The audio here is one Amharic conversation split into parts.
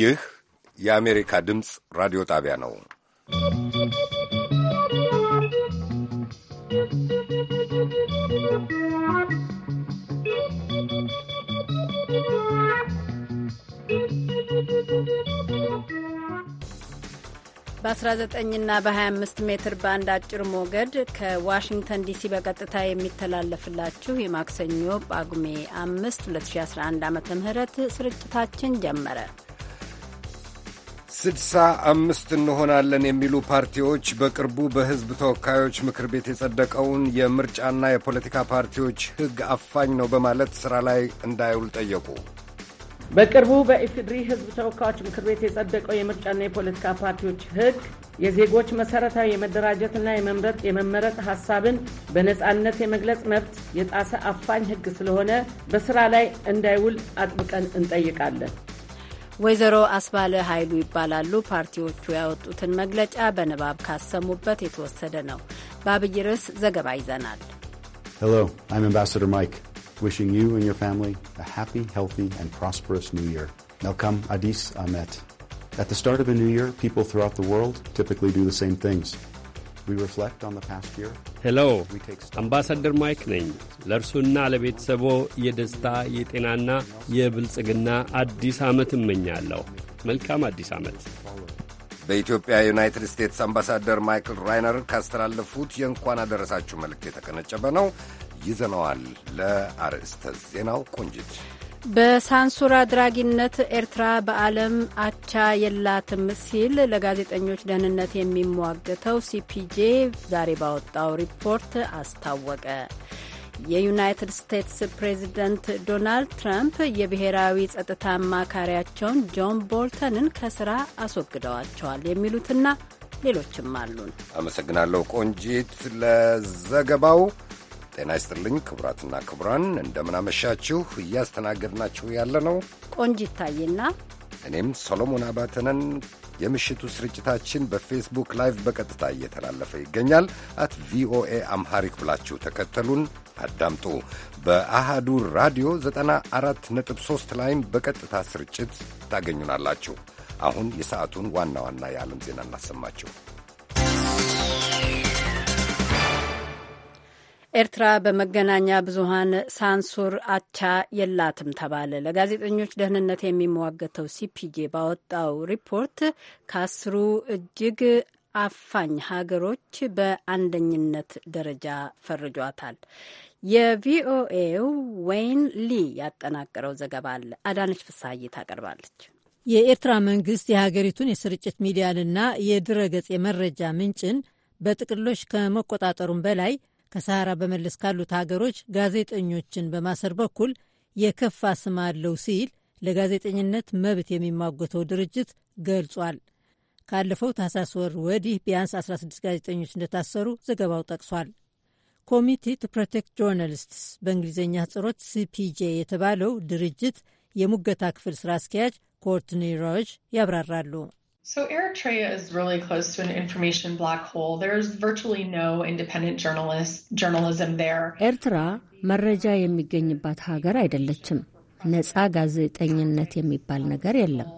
ይህ የአሜሪካ ድምፅ ራዲዮ ጣቢያ ነው። በ19ና በ25 ሜትር ባንድ አጭር ሞገድ ከዋሽንግተን ዲሲ በቀጥታ የሚተላለፍላችሁ የማክሰኞ ጳጉሜ 5 2011 ዓ ም ስርጭታችን ጀመረ። ስድሳ አምስት እንሆናለን የሚሉ ፓርቲዎች በቅርቡ በሕዝብ ተወካዮች ምክር ቤት የጸደቀውን የምርጫና የፖለቲካ ፓርቲዎች ሕግ አፋኝ ነው በማለት ሥራ ላይ እንዳይውል ጠየቁ። በቅርቡ በኢፌዴሪ ሕዝብ ተወካዮች ምክር ቤት የጸደቀው የምርጫና የፖለቲካ ፓርቲዎች ሕግ የዜጎች መሠረታዊ የመደራጀትና የመምረጥ የመመረጥ ሐሳብን በነፃነት የመግለጽ መብት የጣሰ አፋኝ ሕግ ስለሆነ በሥራ ላይ እንዳይውል አጥብቀን እንጠይቃለን። Hello, I'm Ambassador Mike, wishing you and your family a happy, healthy, and prosperous new year. Melkam Adis Ahmet. At the start of a new year, people throughout the world typically do the same things. ሄሎ፣ አምባሳደር ማይክ ነኝ። ለእርሱና ለቤተሰቦ የደስታ የጤናና የብልጽግና አዲስ ዓመት እመኛለሁ። መልካም አዲስ ዓመት። በኢትዮጵያ ዩናይትድ ስቴትስ አምባሳደር ማይክል ራይነር ካስተላለፉት የእንኳን አደረሳችሁ መልእክት የተቀነጨበ ነው። ይዘነዋል። ለአርዕስተ ዜናው ቆንጅት በሳንሱራ አድራጊነት ኤርትራ በዓለም አቻ የላትም ሲል ለጋዜጠኞች ደህንነት የሚሟገተው ሲፒጄ ዛሬ ባወጣው ሪፖርት አስታወቀ። የዩናይትድ ስቴትስ ፕሬዚደንት ዶናልድ ትራምፕ የብሔራዊ ጸጥታ አማካሪያቸውን ጆን ቦልተንን ከስራ አስወግደዋቸዋል የሚሉትና ሌሎችም አሉን። አመሰግናለሁ ቆንጂት ለዘገባው። ጤና ይስጥልኝ ክቡራትና ክቡራን፣ እንደምናመሻችሁ። እያስተናገድናችሁ ያለ ነው ቆንጅ ታዬና እኔም ሰሎሞን አባተነን። የምሽቱ ስርጭታችን በፌስቡክ ላይቭ በቀጥታ እየተላለፈ ይገኛል። አት ቪኦኤ አምሃሪክ ብላችሁ ተከተሉን አዳምጡ። በአሃዱ ራዲዮ 94.3 ላይም በቀጥታ ስርጭት ታገኙናላችሁ። አሁን የሰዓቱን ዋና ዋና የዓለም ዜና እናሰማችሁ። ኤርትራ በመገናኛ ብዙሃን ሳንሱር አቻ የላትም ተባለ። ለጋዜጠኞች ደህንነት የሚሟገተው ሲፒጄ ባወጣው ሪፖርት ከአስሩ እጅግ አፋኝ ሀገሮች በአንደኝነት ደረጃ ፈርጇታል። የቪኦኤው ወይን ሊ ያጠናቀረው ዘገባ አለ። አዳነች ፍሳይ ታቀርባለች። የኤርትራ መንግስት የሀገሪቱን የስርጭት ሚዲያንና የድረገጽ የመረጃ ምንጭን በጥቅሎች ከመቆጣጠሩም በላይ ከሰሃራ በመለስ ካሉት ሀገሮች ጋዜጠኞችን በማሰር በኩል የከፋ ስም አለው ሲል ለጋዜጠኝነት መብት የሚሟገተው ድርጅት ገልጿል። ካለፈው ታህሳስ ወር ወዲህ ቢያንስ 16 ጋዜጠኞች እንደታሰሩ ዘገባው ጠቅሷል። ኮሚቴ ቱ ፕሮቴክት ጆርናሊስትስ በእንግሊዝኛ ሕጽሮት ሲፒጄ የተባለው ድርጅት የሙገታ ክፍል ስራ አስኪያጅ ኮርትኒ ሮጅ ያብራራሉ። So, Eritrea is really close to an information black hole. There's virtually no independent journalist, journalism there. ኤርትራ መረጃ የሚገኝባት ሀገር አይደለችም። ነጻ ጋዜጠኝነት የሚባል ነገር የለም።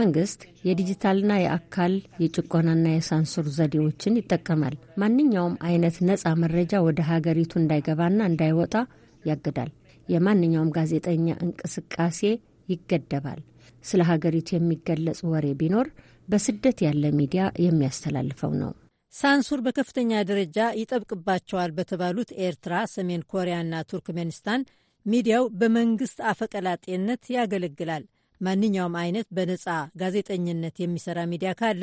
መንግስት የዲጂታልና የአካል የጭቆናና የሳንሱር ዘዴዎችን ይጠቀማል። ማንኛውም አይነት ነጻ መረጃ ወደ ሀገሪቱ እንዳይገባና እንዳይወጣ ያግዳል። የማንኛውም ጋዜጠኛ እንቅስቃሴ ይገደባል። ስለ ሀገሪቱ የሚገለጽ ወሬ ቢኖር በስደት ያለ ሚዲያ የሚያስተላልፈው ነው። ሳንሱር በከፍተኛ ደረጃ ይጠብቅባቸዋል በተባሉት ኤርትራ፣ ሰሜን ኮሪያና ቱርክሜኒስታን ሚዲያው በመንግስት አፈቀላጤነት ያገለግላል። ማንኛውም አይነት በነፃ ጋዜጠኝነት የሚሰራ ሚዲያ ካለ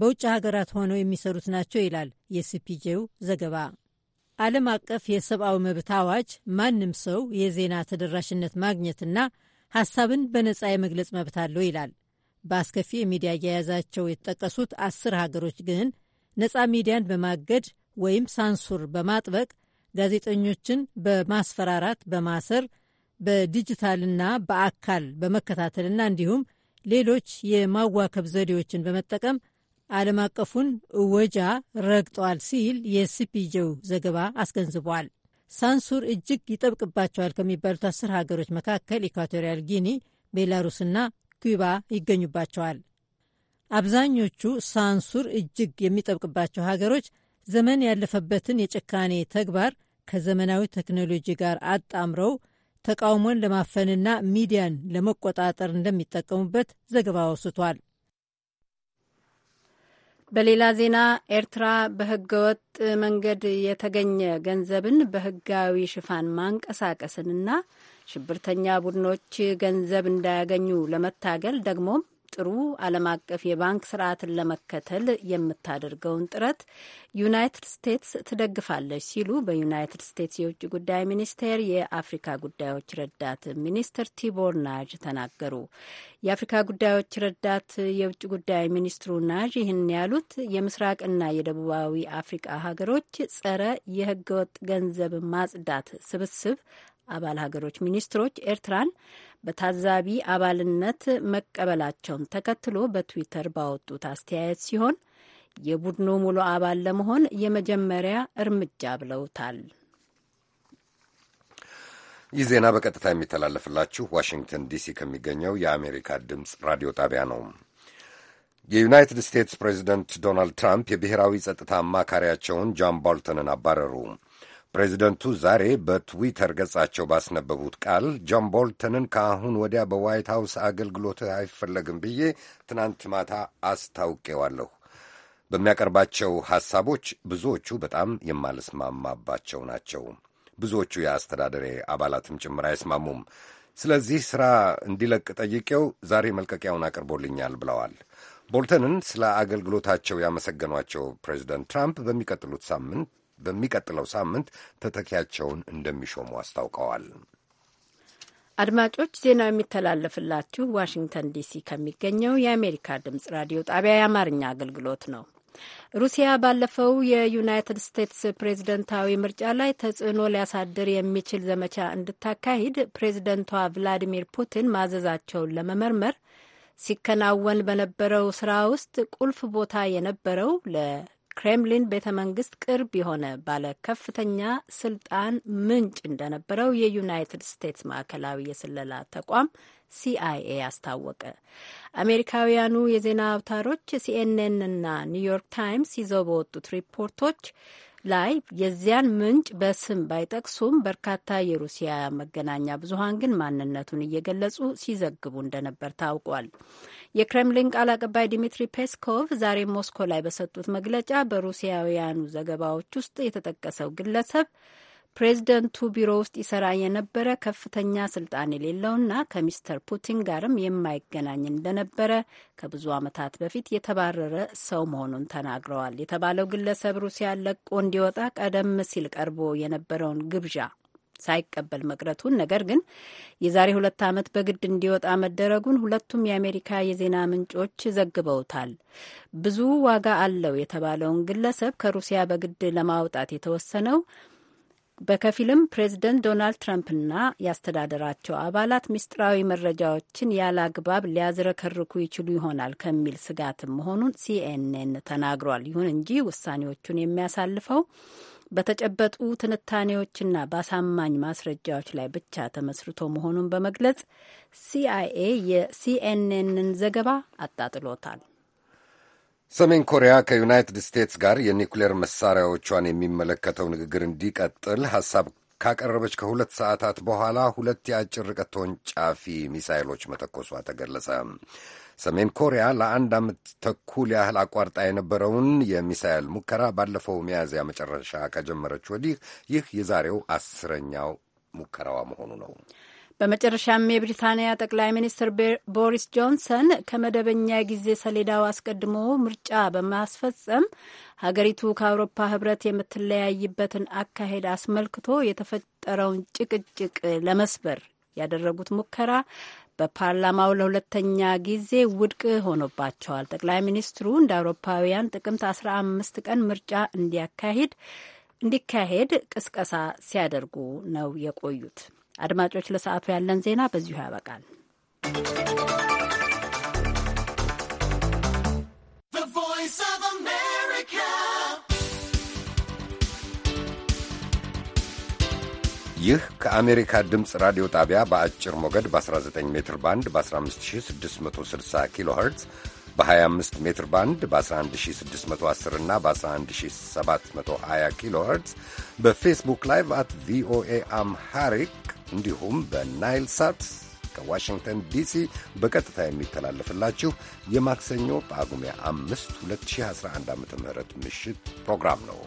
በውጭ ሀገራት ሆነው የሚሰሩት ናቸው ይላል የሲፒጄው ዘገባ። ዓለም አቀፍ የሰብአዊ መብት አዋጅ ማንም ሰው የዜና ተደራሽነት ማግኘትና ሐሳብን በነፃ የመግለጽ መብት አለው ይላል። በአስከፊ የሚዲያ አያያዛቸው የተጠቀሱት አስር ሀገሮች ግን ነፃ ሚዲያን በማገድ ወይም ሳንሱር በማጥበቅ ጋዜጠኞችን በማስፈራራት በማሰር በዲጂታልና በአካል በመከታተልና እንዲሁም ሌሎች የማዋከብ ዘዴዎችን በመጠቀም ዓለም አቀፉን እወጃ ረግጠዋል ሲል የሲፒጄው ዘገባ አስገንዝቧል። ሳንሱር እጅግ ይጠብቅባቸዋል ከሚባሉት አስር ሀገሮች መካከል ኢኳቶሪያል ጊኒ፣ ቤላሩስና ኩባ ይገኙባቸዋል። አብዛኞቹ ሳንሱር እጅግ የሚጠብቅባቸው ሀገሮች ዘመን ያለፈበትን የጭካኔ ተግባር ከዘመናዊ ቴክኖሎጂ ጋር አጣምረው ተቃውሞን ለማፈንና ሚዲያን ለመቆጣጠር እንደሚጠቀሙበት ዘገባ አውስቷል። በሌላ ዜና ኤርትራ በህገወጥ መንገድ የተገኘ ገንዘብን በህጋዊ ሽፋን ማንቀሳቀስንና ሽብርተኛ ቡድኖች ገንዘብ እንዳያገኙ ለመታገል ደግሞም ጥሩ ዓለም አቀፍ የባንክ ስርዓትን ለመከተል የምታደርገውን ጥረት ዩናይትድ ስቴትስ ትደግፋለች ሲሉ በዩናይትድ ስቴትስ የውጭ ጉዳይ ሚኒስቴር የአፍሪካ ጉዳዮች ረዳት ሚኒስትር ቲቦር ናዥ ተናገሩ። የአፍሪካ ጉዳዮች ረዳት የውጭ ጉዳይ ሚኒስትሩ ናዥ ይህን ያሉት የምስራቅና የደቡባዊ አፍሪካ ሀገሮች ጸረ የህገወጥ ገንዘብ ማጽዳት ስብስብ አባል ሀገሮች ሚኒስትሮች ኤርትራን በታዛቢ አባልነት መቀበላቸውን ተከትሎ በትዊተር ባወጡት አስተያየት ሲሆን የቡድኑ ሙሉ አባል ለመሆን የመጀመሪያ እርምጃ ብለውታል። ይህ ዜና በቀጥታ የሚተላለፍላችሁ ዋሽንግተን ዲሲ ከሚገኘው የአሜሪካ ድምፅ ራዲዮ ጣቢያ ነው። የዩናይትድ ስቴትስ ፕሬዚደንት ዶናልድ ትራምፕ የብሔራዊ ጸጥታ አማካሪያቸውን ጃን ቦልተንን አባረሩ። ፕሬዚደንቱ ዛሬ በትዊተር ገጻቸው ባስነበቡት ቃል ጆን ቦልተንን ከአሁን ወዲያ በዋይት ሃውስ አገልግሎትህ አይፈለግም ብዬ ትናንት ማታ አስታውቄዋለሁ። በሚያቀርባቸው ሐሳቦች ብዙዎቹ በጣም የማልስማማባቸው ናቸው። ብዙዎቹ የአስተዳደሬ አባላትም ጭምር አይስማሙም። ስለዚህ ሥራ እንዲለቅ ጠይቄው ዛሬ መልቀቂያውን አቅርቦልኛል ብለዋል። ቦልተንን ስለ አገልግሎታቸው ያመሰገኗቸው ፕሬዚደንት ትራምፕ በሚቀጥሉት ሳምንት በሚቀጥለው ሳምንት ተተኪያቸውን እንደሚሾሙ አስታውቀዋል። አድማጮች ዜናው የሚተላለፍላችሁ ዋሽንግተን ዲሲ ከሚገኘው የአሜሪካ ድምጽ ራዲዮ ጣቢያ የአማርኛ አገልግሎት ነው። ሩሲያ ባለፈው የዩናይትድ ስቴትስ ፕሬዝደንታዊ ምርጫ ላይ ተጽዕኖ ሊያሳድር የሚችል ዘመቻ እንድታካሂድ ፕሬዝደንቷ ቭላዲሚር ፑቲን ማዘዛቸውን ለመመርመር ሲከናወን በነበረው ስራ ውስጥ ቁልፍ ቦታ የነበረው ክሬምሊን ቤተ መንግስት ቅርብ የሆነ ባለ ከፍተኛ ስልጣን ምንጭ እንደነበረው የዩናይትድ ስቴትስ ማዕከላዊ የስለላ ተቋም ሲአይኤ አስታወቀ። አሜሪካውያኑ የዜና አውታሮች ሲኤንኤን እና ኒውዮርክ ታይምስ ይዘው በወጡት ሪፖርቶች ላይ የዚያን ምንጭ በስም ባይጠቅሱም በርካታ የሩሲያ መገናኛ ብዙሀን ግን ማንነቱን እየገለጹ ሲዘግቡ እንደነበር ታውቋል። የክሬምሊን ቃል አቀባይ ዲሚትሪ ፔስኮቭ ዛሬ ሞስኮ ላይ በሰጡት መግለጫ በሩሲያውያኑ ዘገባዎች ውስጥ የተጠቀሰው ግለሰብ ፕሬዝደንቱ ቢሮ ውስጥ ይሰራ የነበረ ከፍተኛ ስልጣን የሌለውና ከሚስተር ፑቲን ጋርም የማይገናኝ እንደነበረ ከብዙ ዓመታት በፊት የተባረረ ሰው መሆኑን ተናግረዋል። የተባለው ግለሰብ ሩሲያን ለቆ እንዲወጣ ቀደም ሲል ቀርቦ የነበረውን ግብዣ ሳይቀበል መቅረቱን ነገር ግን የዛሬ ሁለት ዓመት በግድ እንዲወጣ መደረጉን ሁለቱም የአሜሪካ የዜና ምንጮች ዘግበውታል። ብዙ ዋጋ አለው የተባለውን ግለሰብ ከሩሲያ በግድ ለማውጣት የተወሰነው በከፊልም ፕሬዝደንት ዶናልድ ትራምፕና ያስተዳደራቸው አባላት ሚስጥራዊ መረጃዎችን ያለ አግባብ ሊያዝረከርኩ ይችሉ ይሆናል ከሚል ስጋትም መሆኑን ሲኤንኤን ተናግሯል። ይሁን እንጂ ውሳኔዎቹን የሚያሳልፈው በተጨበጡ ትንታኔዎችና በአሳማኝ ማስረጃዎች ላይ ብቻ ተመስርቶ መሆኑን በመግለጽ ሲአይኤ የሲኤንኤንን ዘገባ አጣጥሎታል። ሰሜን ኮሪያ ከዩናይትድ ስቴትስ ጋር የኒውክሌር መሳሪያዎቿን የሚመለከተው ንግግር እንዲቀጥል ሐሳብ ካቀረበች ከሁለት ሰዓታት በኋላ ሁለት የአጭር ርቀት ተወንጫፊ ሚሳይሎች መተኮሷ ተገለጸ። ሰሜን ኮሪያ ለአንድ ዓመት ተኩል ያህል አቋርጣ የነበረውን የሚሳኤል ሙከራ ባለፈው ሚያዝያ መጨረሻ ከጀመረች ወዲህ ይህ የዛሬው አስረኛው ሙከራዋ መሆኑ ነው። በመጨረሻም የብሪታንያ ጠቅላይ ሚኒስትር ቦሪስ ጆንሰን ከመደበኛ ጊዜ ሰሌዳው አስቀድሞ ምርጫ በማስፈጸም ሀገሪቱ ከአውሮፓ ሕብረት የምትለያይበትን አካሄድ አስመልክቶ የተፈጠረውን ጭቅጭቅ ለመስበር ያደረጉት ሙከራ በፓርላማው ለሁለተኛ ጊዜ ውድቅ ሆኖባቸዋል። ጠቅላይ ሚኒስትሩ እንደ አውሮፓውያን ጥቅምት 15 ቀን ምርጫ እንዲያካሂድ እንዲካሄድ ቅስቀሳ ሲያደርጉ ነው የቆዩት። አድማጮች፣ ለሰዓቱ ያለን ዜና በዚሁ ያበቃል። ይህ ከአሜሪካ ድምፅ ራዲዮ ጣቢያ በአጭር ሞገድ በ19 ሜትር ባንድ በ15660 ኪሎ ኸርትዝ በ25 ሜትር ባንድ በ11610 እና በ11720 ኪሎ ኸርትዝ በፌስቡክ ላይቭ አት ቪኦኤ አምሃሪክ እንዲሁም በናይል ሳት ከዋሽንግተን ዲሲ በቀጥታ የሚተላለፍላችሁ የማክሰኞ ጳጉሜ 5 2011 ዓ ም ምሽት ፕሮግራም ነው።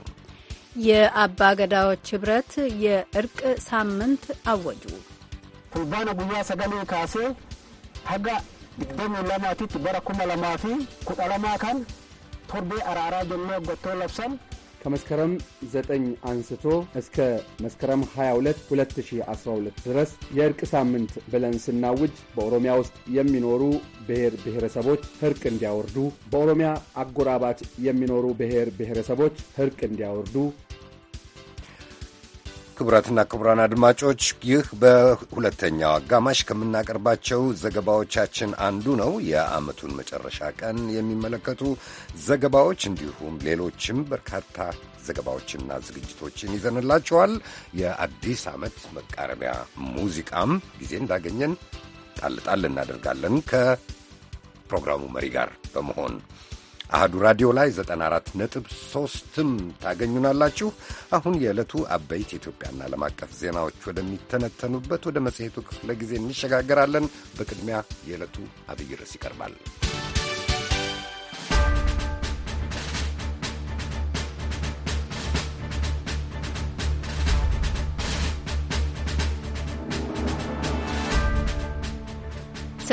የአባገዳዎች ገዳዎች ኅብረት የእርቅ ሳምንት አወጁ። ቱልባነ ጉያ ሰገሌ ካሴ ሀጋ ድግደሙ ለማቲት በረኩመ ለማፊ ኩጠ ለማ ቶርቤ አራራ ጀኖ ጎቶ ለብሰን ከመስከረም 9 አንስቶ እስከ መስከረም 22 2012 ድረስ የእርቅ ሳምንት ብለን ስናውጅ በኦሮሚያ ውስጥ የሚኖሩ ብሔር ብሔረሰቦች እርቅ እንዲያወርዱ፣ በኦሮሚያ አጎራባች የሚኖሩ ብሔር ብሔረሰቦች እርቅ እንዲያወርዱ ክቡራትና ክቡራን አድማጮች ይህ በሁለተኛው አጋማሽ ከምናቀርባቸው ዘገባዎቻችን አንዱ ነው። የዓመቱን መጨረሻ ቀን የሚመለከቱ ዘገባዎች እንዲሁም ሌሎችም በርካታ ዘገባዎችና ዝግጅቶችን ይዘንላችኋል። የአዲስ ዓመት መቃረቢያ ሙዚቃም ጊዜ እንዳገኘን ጣልጣል እናደርጋለን ከፕሮግራሙ መሪ ጋር በመሆን አህዱ ራዲዮ ላይ 94.3ም ታገኙናላችሁ። አሁን የዕለቱ አበይት የኢትዮጵያና ዓለም አቀፍ ዜናዎች ወደሚተነተኑበት ወደ መጽሔቱ ክፍለ ጊዜ እንሸጋገራለን። በቅድሚያ የዕለቱ አብይ ርዕስ ይቀርባል።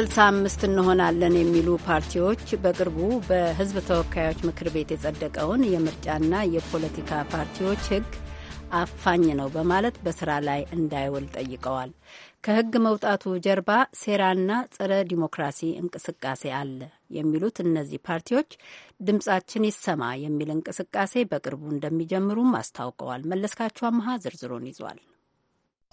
65 እንሆናለን የሚሉ ፓርቲዎች በቅርቡ በሕዝብ ተወካዮች ምክር ቤት የጸደቀውን የምርጫና የፖለቲካ ፓርቲዎች ሕግ አፋኝ ነው በማለት በስራ ላይ እንዳይውል ጠይቀዋል። ከሕግ መውጣቱ ጀርባ ሴራና ጸረ ዲሞክራሲ እንቅስቃሴ አለ የሚሉት እነዚህ ፓርቲዎች ድምጻችን ይሰማ የሚል እንቅስቃሴ በቅርቡ እንደሚጀምሩም አስታውቀዋል። መለስካቸው አመሃ ዝርዝሩን ይዟል።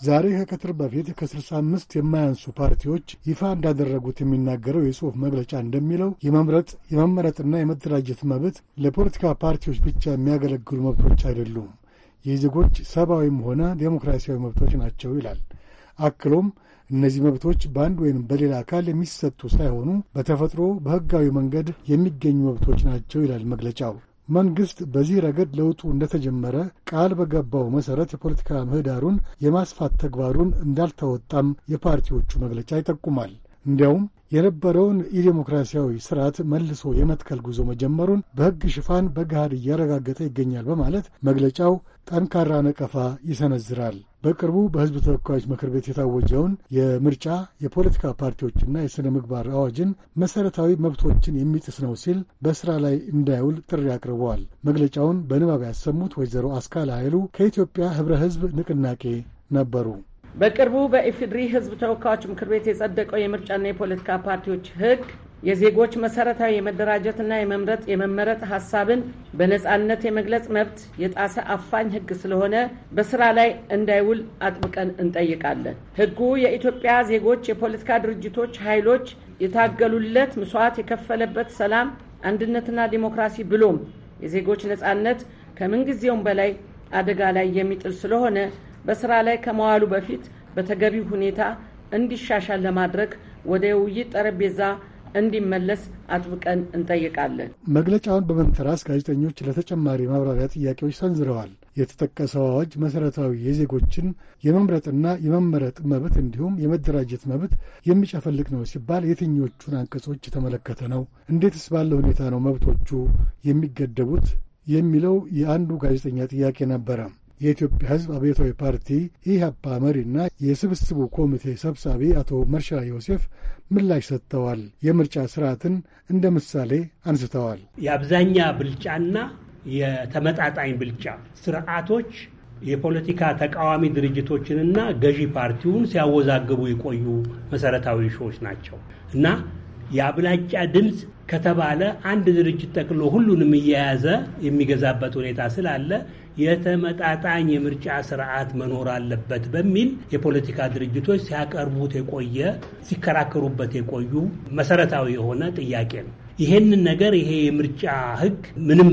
ዛሬ ከቀትር በፊት ከ65 የማያንሱ ፓርቲዎች ይፋ እንዳደረጉት የሚናገረው የጽሑፍ መግለጫ እንደሚለው የመምረጥ የመመረጥና የመደራጀት መብት ለፖለቲካ ፓርቲዎች ብቻ የሚያገለግሉ መብቶች አይደሉም፣ የዜጎች ሰብአዊም ሆነ ዴሞክራሲያዊ መብቶች ናቸው ይላል። አክሎም እነዚህ መብቶች በአንድ ወይም በሌላ አካል የሚሰጡ ሳይሆኑ በተፈጥሮ በሕጋዊ መንገድ የሚገኙ መብቶች ናቸው ይላል መግለጫው። መንግሥት በዚህ ረገድ ለውጡ እንደተጀመረ ቃል በገባው መሠረት የፖለቲካ ምህዳሩን የማስፋት ተግባሩን እንዳልተወጣም የፓርቲዎቹ መግለጫ ይጠቁማል። እንዲያውም የነበረውን የዴሞክራሲያዊ ስርዓት መልሶ የመትከል ጉዞ መጀመሩን በሕግ ሽፋን በገሃድ እያረጋገጠ ይገኛል በማለት መግለጫው ጠንካራ ነቀፋ ይሰነዝራል። በቅርቡ በሕዝብ ተወካዮች ምክር ቤት የታወጀውን የምርጫ የፖለቲካ ፓርቲዎችና የሥነ ምግባር አዋጅን መሠረታዊ መብቶችን የሚጥስ ነው ሲል በሥራ ላይ እንዳይውል ጥሪ አቅርበዋል። መግለጫውን በንባብ ያሰሙት ወይዘሮ አስካለ ኃይሉ ከኢትዮጵያ ኅብረ ሕዝብ ንቅናቄ ነበሩ። በቅርቡ በኢፌዴሪ ሕዝብ ተወካዮች ምክር ቤት የጸደቀው የምርጫና የፖለቲካ ፓርቲዎች ሕግ የዜጎች መሰረታዊ የመደራጀትና የመምረጥ የመመረጥ ሀሳብን በነጻነት የመግለጽ መብት የጣሰ አፋኝ ህግ ስለሆነ በስራ ላይ እንዳይውል አጥብቀን እንጠይቃለን። ህጉ የኢትዮጵያ ዜጎች፣ የፖለቲካ ድርጅቶች፣ ኃይሎች የታገሉለት ምስዋዕት የከፈለበት ሰላም፣ አንድነትና ዲሞክራሲ ብሎም የዜጎች ነጻነት ከምንጊዜውም በላይ አደጋ ላይ የሚጥል ስለሆነ በስራ ላይ ከመዋሉ በፊት በተገቢው ሁኔታ እንዲሻሻል ለማድረግ ወደ ውይይት ጠረጴዛ እንዲመለስ አጥብቀን እንጠይቃለን። መግለጫውን በመንተራስ ጋዜጠኞች ለተጨማሪ ማብራሪያ ጥያቄዎች ሰንዝረዋል። የተጠቀሰው አዋጅ መሠረታዊ የዜጎችን የመምረጥና የመመረጥ መብት እንዲሁም የመደራጀት መብት የሚጨፈልቅ ነው ሲባል የትኞቹን አንቀጾች የተመለከተ ነው? እንዴትስ ባለ ሁኔታ ነው መብቶቹ የሚገደቡት? የሚለው የአንዱ ጋዜጠኛ ጥያቄ ነበረ። የኢትዮጵያ ሕዝብ አብዮታዊ ፓርቲ ኢህአፓ መሪና የስብስቡ ኮሚቴ ሰብሳቢ አቶ መርሻ ዮሴፍ ምላሽ ሰጥተዋል። የምርጫ ስርዓትን እንደ ምሳሌ አንስተዋል። የአብዛኛ ብልጫና የተመጣጣኝ ብልጫ ስርዓቶች የፖለቲካ ተቃዋሚ ድርጅቶችንና ገዢ ፓርቲውን ሲያወዛግቡ የቆዩ መሰረታዊ እሾዎች ናቸው እና የአብላጫ ድምፅ ከተባለ አንድ ድርጅት ጠቅሎ ሁሉንም እየያዘ የሚገዛበት ሁኔታ ስላለ የተመጣጣኝ የምርጫ ስርዓት መኖር አለበት በሚል የፖለቲካ ድርጅቶች ሲያቀርቡት የቆየ ሲከራከሩበት የቆዩ መሰረታዊ የሆነ ጥያቄ ነው። ይሄንን ነገር ይሄ የምርጫ ህግ ምንም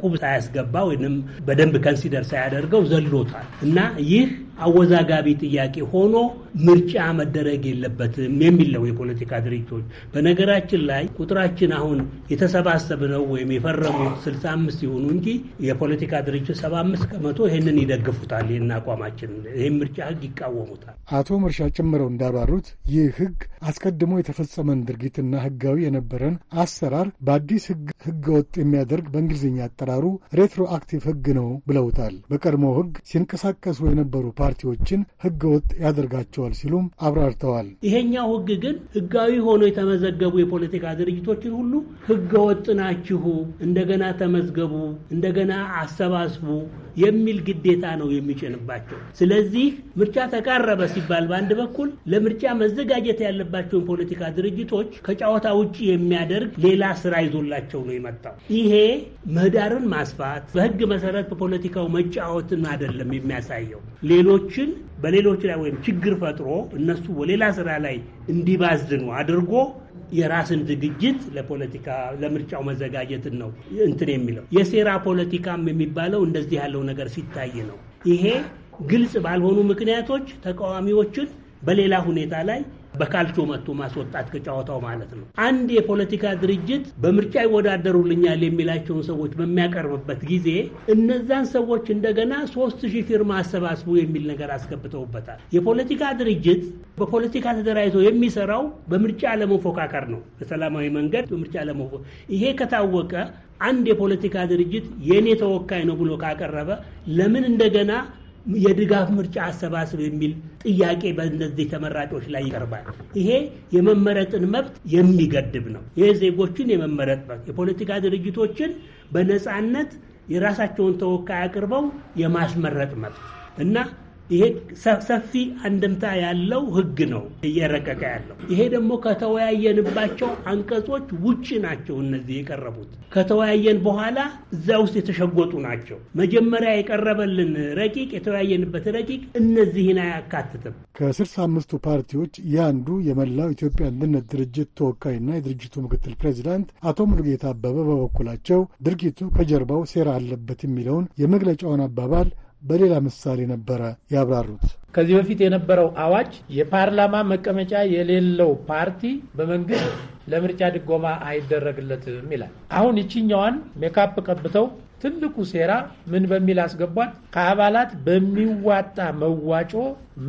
ቁብ ሳያስገባ ወይም በደንብ ከንሲደር ሳያደርገው ዘሎታል እና ይህ አወዛጋቢ ጥያቄ ሆኖ ምርጫ መደረግ የለበትም የሚል ነው የፖለቲካ ድርጅቶች። በነገራችን ላይ ቁጥራችን አሁን የተሰባሰብ ነው ወይም የፈረሙ 65 ሲሆኑ እንጂ የፖለቲካ ድርጅቶች 75 ከመቶ ይህንን ይደግፉታል። ይህን አቋማችን ይህም ምርጫ ህግ ይቃወሙታል። አቶ ምርሻ ጨምረው እንዳብራሩት ይህ ህግ አስቀድሞ የተፈጸመን ድርጊትና ህጋዊ የነበረን አሰራር በአዲስ ህገ ወጥ የሚያደርግ በእንግሊዝኛ አጠራሩ ሬትሮአክቲቭ ህግ ነው ብለውታል። በቀድሞ ህግ ሲንቀሳቀሱ የነበሩ ፓርቲዎችን ህገወጥ ያደርጋቸዋል ሲሉም አብራርተዋል። ይሄኛው ህግ ግን ህጋዊ ሆኖ የተመዘገቡ የፖለቲካ ድርጅቶችን ሁሉ ህገወጥ ናችሁ፣ እንደገና ተመዝገቡ፣ እንደገና አሰባስቡ የሚል ግዴታ ነው የሚጭንባቸው። ስለዚህ ምርጫ ተቃረበ ሲባል በአንድ በኩል ለምርጫ መዘጋጀት ያለባቸውን ፖለቲካ ድርጅቶች ከጨዋታ ውጭ የሚያደርግ ሌላ ስራ ይዞላቸው ነው የመጣው። ይሄ ምህዳርን ማስፋት በህግ መሰረት በፖለቲካው መጫወትን አይደለም የሚያሳየው ሌሎ ሌሎችን በሌሎች ላይ ወይም ችግር ፈጥሮ እነሱ ወሌላ ስራ ላይ እንዲባዝኑ አድርጎ የራስን ዝግጅት ለፖለቲካ ለምርጫው መዘጋጀትን ነው እንትን የሚለው የሴራ ፖለቲካም የሚባለው እንደዚህ ያለው ነገር ሲታይ ነው። ይሄ ግልጽ ባልሆኑ ምክንያቶች ተቃዋሚዎችን በሌላ ሁኔታ ላይ በካልቾ መጥቶ ማስወጣት ከጨዋታው ማለት ነው። አንድ የፖለቲካ ድርጅት በምርጫ ይወዳደሩልኛል የሚላቸውን ሰዎች በሚያቀርብበት ጊዜ እነዛን ሰዎች እንደገና ሶስት ሺህ ፊርማ አሰባስቡ የሚል ነገር አስገብተውበታል። የፖለቲካ ድርጅት በፖለቲካ ተደራጅቶ የሚሰራው በምርጫ ለመፎካከር ነው፣ በሰላማዊ መንገድ በምርጫ ለመፎ ይሄ ከታወቀ አንድ የፖለቲካ ድርጅት የእኔ ተወካይ ነው ብሎ ካቀረበ ለምን እንደገና የድጋፍ ምርጫ አሰባስብ የሚል ጥያቄ በእነዚህ ተመራጮች ላይ ይቀርባል። ይሄ የመመረጥን መብት የሚገድብ ነው። ይህ ዜጎችን የመመረጥ መብት የፖለቲካ ድርጅቶችን በነፃነት የራሳቸውን ተወካይ አቅርበው የማስመረጥ መብት እና ይሄ ሰፊ አንድምታ ያለው ህግ ነው እየረቀቀ ያለው። ይሄ ደግሞ ከተወያየንባቸው አንቀጾች ውጭ ናቸው። እነዚህ የቀረቡት ከተወያየን በኋላ እዛ ውስጥ የተሸጎጡ ናቸው። መጀመሪያ የቀረበልን ረቂቅ፣ የተወያየንበት ረቂቅ እነዚህን አያካትትም። ከስልሳ አምስቱ ፓርቲዎች የአንዱ የመላው ኢትዮጵያ አንድነት ድርጅት ተወካይና የድርጅቱ ምክትል ፕሬዚዳንት አቶ ሙሉጌታ አበበ በበኩላቸው ድርጊቱ ከጀርባው ሴራ አለበት የሚለውን የመግለጫውን አባባል በሌላ ምሳሌ ነበረ ያብራሩት። ከዚህ በፊት የነበረው አዋጅ የፓርላማ መቀመጫ የሌለው ፓርቲ በመንግስት ለምርጫ ድጎማ አይደረግለትም ይላል። አሁን ይችኛዋን ሜካፕ ቀብተው ትልቁ ሴራ ምን በሚል አስገቧት፣ ከአባላት በሚዋጣ መዋጮ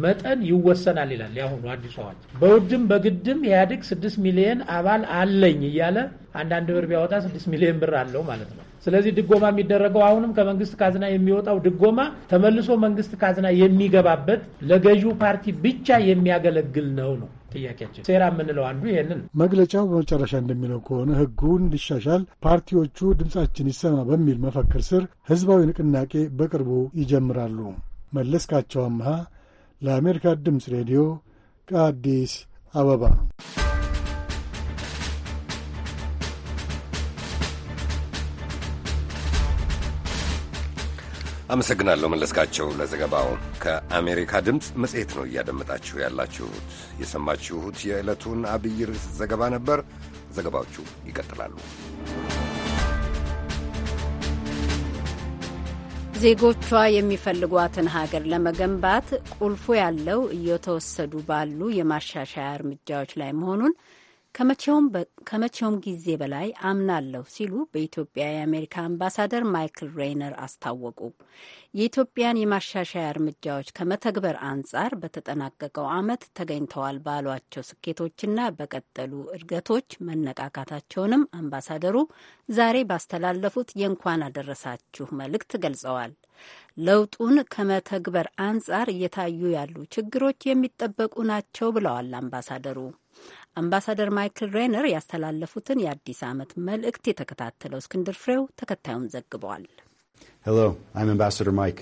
መጠን ይወሰናል ይላል ያሁኑ አዲሱ አዋጅ። በውድም በግድም ኢህአዴግ ስድስት ሚሊየን አባል አለኝ እያለ አንዳንድ ብር ቢያወጣ ስድስት ሚሊየን ብር አለው ማለት ነው። ስለዚህ ድጎማ የሚደረገው አሁንም ከመንግስት ካዝና የሚወጣው ድጎማ ተመልሶ መንግስት ካዝና የሚገባበት ለገዢው ፓርቲ ብቻ የሚያገለግል ነው ነው ጥያቄያችን። ሴራ የምንለው አንዱ ይህንን። መግለጫው በመጨረሻ እንደሚለው ከሆነ ህጉ እንዲሻሻል ፓርቲዎቹ ድምፃችን ይሰማ በሚል መፈክር ስር ህዝባዊ ንቅናቄ በቅርቡ ይጀምራሉ። መለስካቸው አምሃ ለአሜሪካ ድምፅ ሬዲዮ ከአዲስ አበባ አመሰግናለሁ መለስካቸው ለዘገባው። ከአሜሪካ ድምፅ መጽሔት ነው እያደመጣችሁ ያላችሁት። የሰማችሁት የዕለቱን አብይ ርዕስ ዘገባ ነበር። ዘገባዎቹ ይቀጥላሉ። ዜጎቿ የሚፈልጓትን ሀገር ለመገንባት ቁልፉ ያለው እየተወሰዱ ባሉ የማሻሻያ እርምጃዎች ላይ መሆኑን ከመቼውም ጊዜ በላይ አምናለሁ ሲሉ በኢትዮጵያ የአሜሪካ አምባሳደር ማይክል ሬይነር አስታወቁ። የኢትዮጵያን የማሻሻያ እርምጃዎች ከመተግበር አንጻር በተጠናቀቀው ዓመት ተገኝተዋል ባሏቸው ስኬቶችና በቀጠሉ እድገቶች መነቃቃታቸውንም አምባሳደሩ ዛሬ ባስተላለፉት የእንኳን አደረሳችሁ መልእክት ገልጸዋል። ለውጡን ከመተግበር አንጻር እየታዩ ያሉ ችግሮች የሚጠበቁ ናቸው ብለዋል አምባሳደሩ። አምባሳደር ማይክል ሬነር ያስተላለፉትን የአዲስ ዓመት መልእክት የተከታተለው እስክንድር ፍሬው ተከታዩን ዘግበዋል። ሄሎ አይም አምባሳደር ማይክ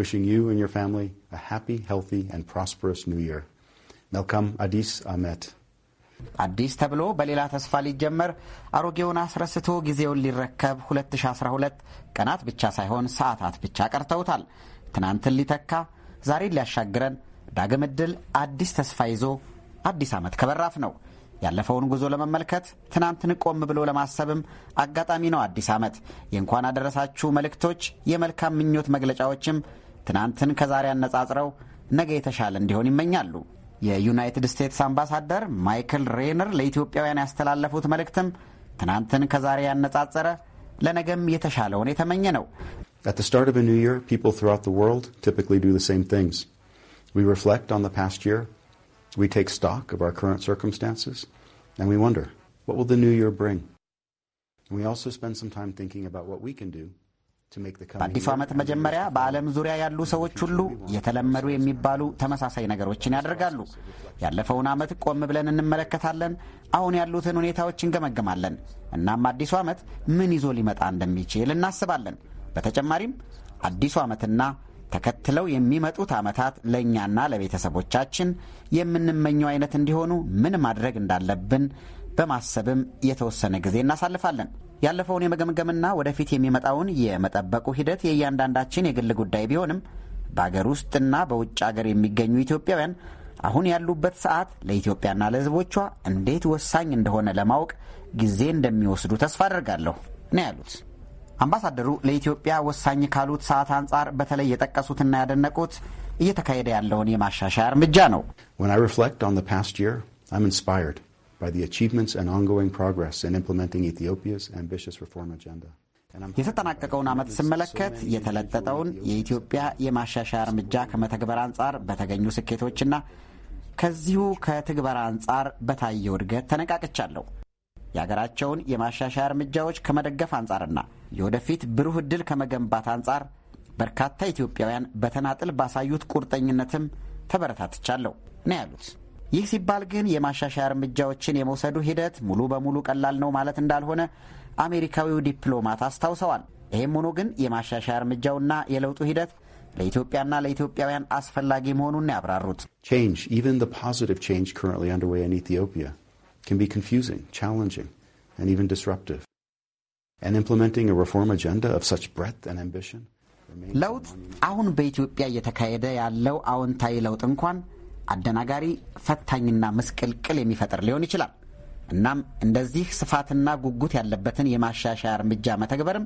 ዊሽንግ ዩ ኤንድ ዮር ፋሚሊ አ ሃፒ ሄልዚ መልካም አዲስ ዓመት። አዲስ ተብሎ በሌላ ተስፋ ሊጀመር አሮጌውን አስረስቶ ጊዜውን ሊረከብ 2012 ቀናት ብቻ ሳይሆን ሰዓታት ብቻ ቀርተውታል። ትናንትን ሊተካ ዛሬን ሊያሻግረን ዳግም ዕድል አዲስ ተስፋ ይዞ አዲስ ዓመት ከበራፍ ነው። ያለፈውን ጉዞ ለመመልከት ትናንትን ቆም ብሎ ለማሰብም አጋጣሚ ነው። አዲስ ዓመት የእንኳን አደረሳችሁ መልእክቶች፣ የመልካም ምኞት መግለጫዎችም ትናንትን ከዛሬ አነጻጽረው ነገ የተሻለ እንዲሆን ይመኛሉ። የዩናይትድ ስቴትስ አምባሳደር ማይክል ሬነር ለኢትዮጵያውያን ያስተላለፉት መልእክትም ትናንትን ከዛሬ ያነጻጸረ ለነገም የተሻለውን የተመኘ ነው። At the start of a new year, people throughout the world typically do the same things. We reflect on the past year. We take stock of our current circumstances and we wonder, what will the new year bring? And we also spend some time thinking about what we can do በአዲሱ ዓመት መጀመሪያ በዓለም ዙሪያ ያሉ ሰዎች ሁሉ የተለመዱ የሚባሉ ተመሳሳይ ነገሮችን ያደርጋሉ። ያለፈውን ዓመት ቆም ብለን እንመለከታለን፣ አሁን ያሉትን ሁኔታዎች እንገመግማለን። እናም አዲሱ ዓመት ምን ይዞ ሊመጣ እንደሚችል እናስባለን። በተጨማሪም አዲሱ ዓመትና ተከትለው የሚመጡት ዓመታት ለእኛና ለቤተሰቦቻችን የምንመኘው አይነት እንዲሆኑ ምን ማድረግ እንዳለብን በማሰብም የተወሰነ ጊዜ እናሳልፋለን። ያለፈውን የመገምገምና ወደፊት የሚመጣውን የመጠበቁ ሂደት የእያንዳንዳችን የግል ጉዳይ ቢሆንም በአገር ውስጥና በውጭ አገር የሚገኙ ኢትዮጵያውያን አሁን ያሉበት ሰዓት ለኢትዮጵያና ለሕዝቦቿ እንዴት ወሳኝ እንደሆነ ለማወቅ ጊዜ እንደሚወስዱ ተስፋ አድርጋለሁ ነው ያሉት። አምባሳደሩ ለኢትዮጵያ ወሳኝ ካሉት ሰዓት አንጻር በተለይ የጠቀሱትና ያደነቁት እየተካሄደ ያለውን የማሻሻያ እርምጃ ነው። የተጠናቀቀውን ዓመት ስመለከት የተለጠጠውን የኢትዮጵያ የማሻሻያ እርምጃ ከመተግበር አንጻር በተገኙ ስኬቶችና ከዚሁ ከትግበራ አንጻር በታየው እድገት ተነቃቅቻለሁ። የሀገራቸውን የማሻሻያ እርምጃዎች ከመደገፍ አንጻርና የወደፊት ብሩህ ዕድል ከመገንባት አንጻር በርካታ ኢትዮጵያውያን በተናጥል ባሳዩት ቁርጠኝነትም ተበረታትቻለሁ ነው ያሉት። ይህ ሲባል ግን የማሻሻያ እርምጃዎችን የመውሰዱ ሂደት ሙሉ በሙሉ ቀላል ነው ማለት እንዳልሆነ አሜሪካዊው ዲፕሎማት አስታውሰዋል። ይህም ሆኖ ግን የማሻሻያ እርምጃውና የለውጡ ሂደት ለኢትዮጵያና ለኢትዮጵያውያን አስፈላጊ መሆኑን ያብራሩት can be confusing, challenging, and even disruptive. And implementing a reform agenda of such breadth and ambition ለውጥ አሁን በኢትዮጵያ እየተካሄደ ያለው አዎንታዊ ለውጥ እንኳን አደናጋሪ፣ ፈታኝና ምስቅልቅል የሚፈጥር ሊሆን ይችላል። እናም እንደዚህ ስፋትና ጉጉት ያለበትን የማሻሻያ እርምጃ መተግበርም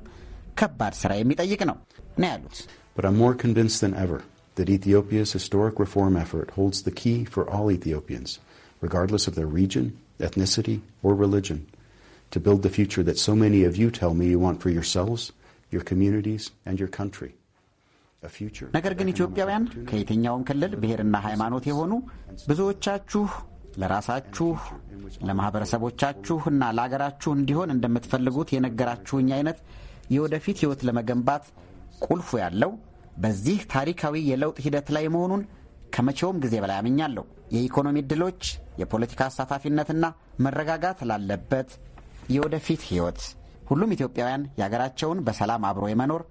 ከባድ ስራ የሚጠይቅ ነው ነው ያሉት። But I'm more convinced than ever that Ethiopia's historic reform effort holds the key for all Ethiopians – regardless of their region, ethnicity, or religion, to build the future that so many of you tell me you want for yourselves, your communities, and your country. ነገር ግን ኢትዮጵያውያን ከየትኛውም ክልል ብሔርና ሃይማኖት የሆኑ ብዙዎቻችሁ ለራሳችሁ ለማኅበረሰቦቻችሁ እና ለአገራችሁ እንዲሆን እንደምትፈልጉት የነገራችሁኝ አይነት የወደፊት ሕይወት ለመገንባት ቁልፉ ያለው በዚህ ታሪካዊ የለውጥ ሂደት ላይ መሆኑን ከመቼውም ጊዜ በላይ አምኛለሁ። የኢኮኖሚ እድሎች፣ የፖለቲካ አሳታፊነትና መረጋጋት ላለበት የወደፊት ህይወት ሁሉም ኢትዮጵያውያን የሀገራቸውን በሰላም አብሮ የመኖር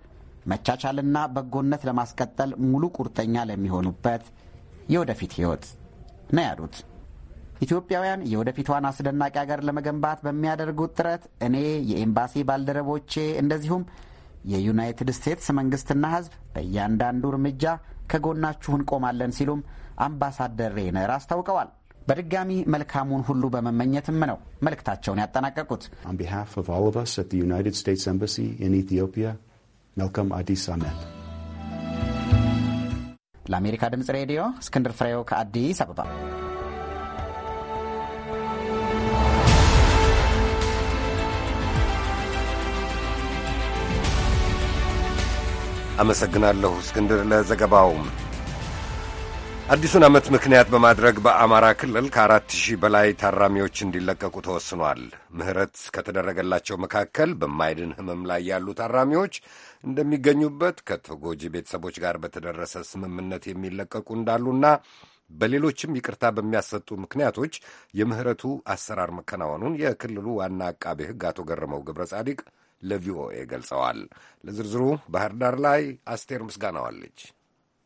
መቻቻልና በጎነት ለማስቀጠል ሙሉ ቁርጠኛ ለሚሆኑበት የወደፊት ህይወት ነው ያሉት። ኢትዮጵያውያን የወደፊቷን አስደናቂ ሀገር ለመገንባት በሚያደርጉት ጥረት እኔ፣ የኤምባሲ ባልደረቦቼ እንደዚሁም የዩናይትድ ስቴትስ መንግስትና ህዝብ በእያንዳንዱ እርምጃ ከጎናችሁ እንቆማለን ሲሉም አምባሳደር ሬነር አስታውቀዋል። በድጋሚ መልካሙን ሁሉ በመመኘትም ነው መልእክታቸውን ያጠናቀቁት። ዩናይትድ ስቴትስ ኤምባሲ ኢን ኢትዮጵያ መልካም አዲስ ዓመት። ለአሜሪካ ድምፅ ሬዲዮ እስክንድር ፍሬው ከአዲስ አበባ አመሰግናለሁ እስክንድር ለዘገባው። አዲሱን ዓመት ምክንያት በማድረግ በአማራ ክልል ከአራት ሺህ በላይ ታራሚዎች እንዲለቀቁ ተወስኗል። ምህረት ከተደረገላቸው መካከል በማይድን ህመም ላይ ያሉ ታራሚዎች እንደሚገኙበት፣ ከተጎጂ ቤተሰቦች ጋር በተደረሰ ስምምነት የሚለቀቁ እንዳሉና በሌሎችም ይቅርታ በሚያሰጡ ምክንያቶች የምህረቱ አሰራር መከናወኑን የክልሉ ዋና አቃቤ ሕግ አቶ ገረመው ገብረ ጻዲቅ ለቪኦኤ ገልጸዋል። ለዝርዝሩ ባህር ዳር ላይ አስቴር ምስጋና አለች።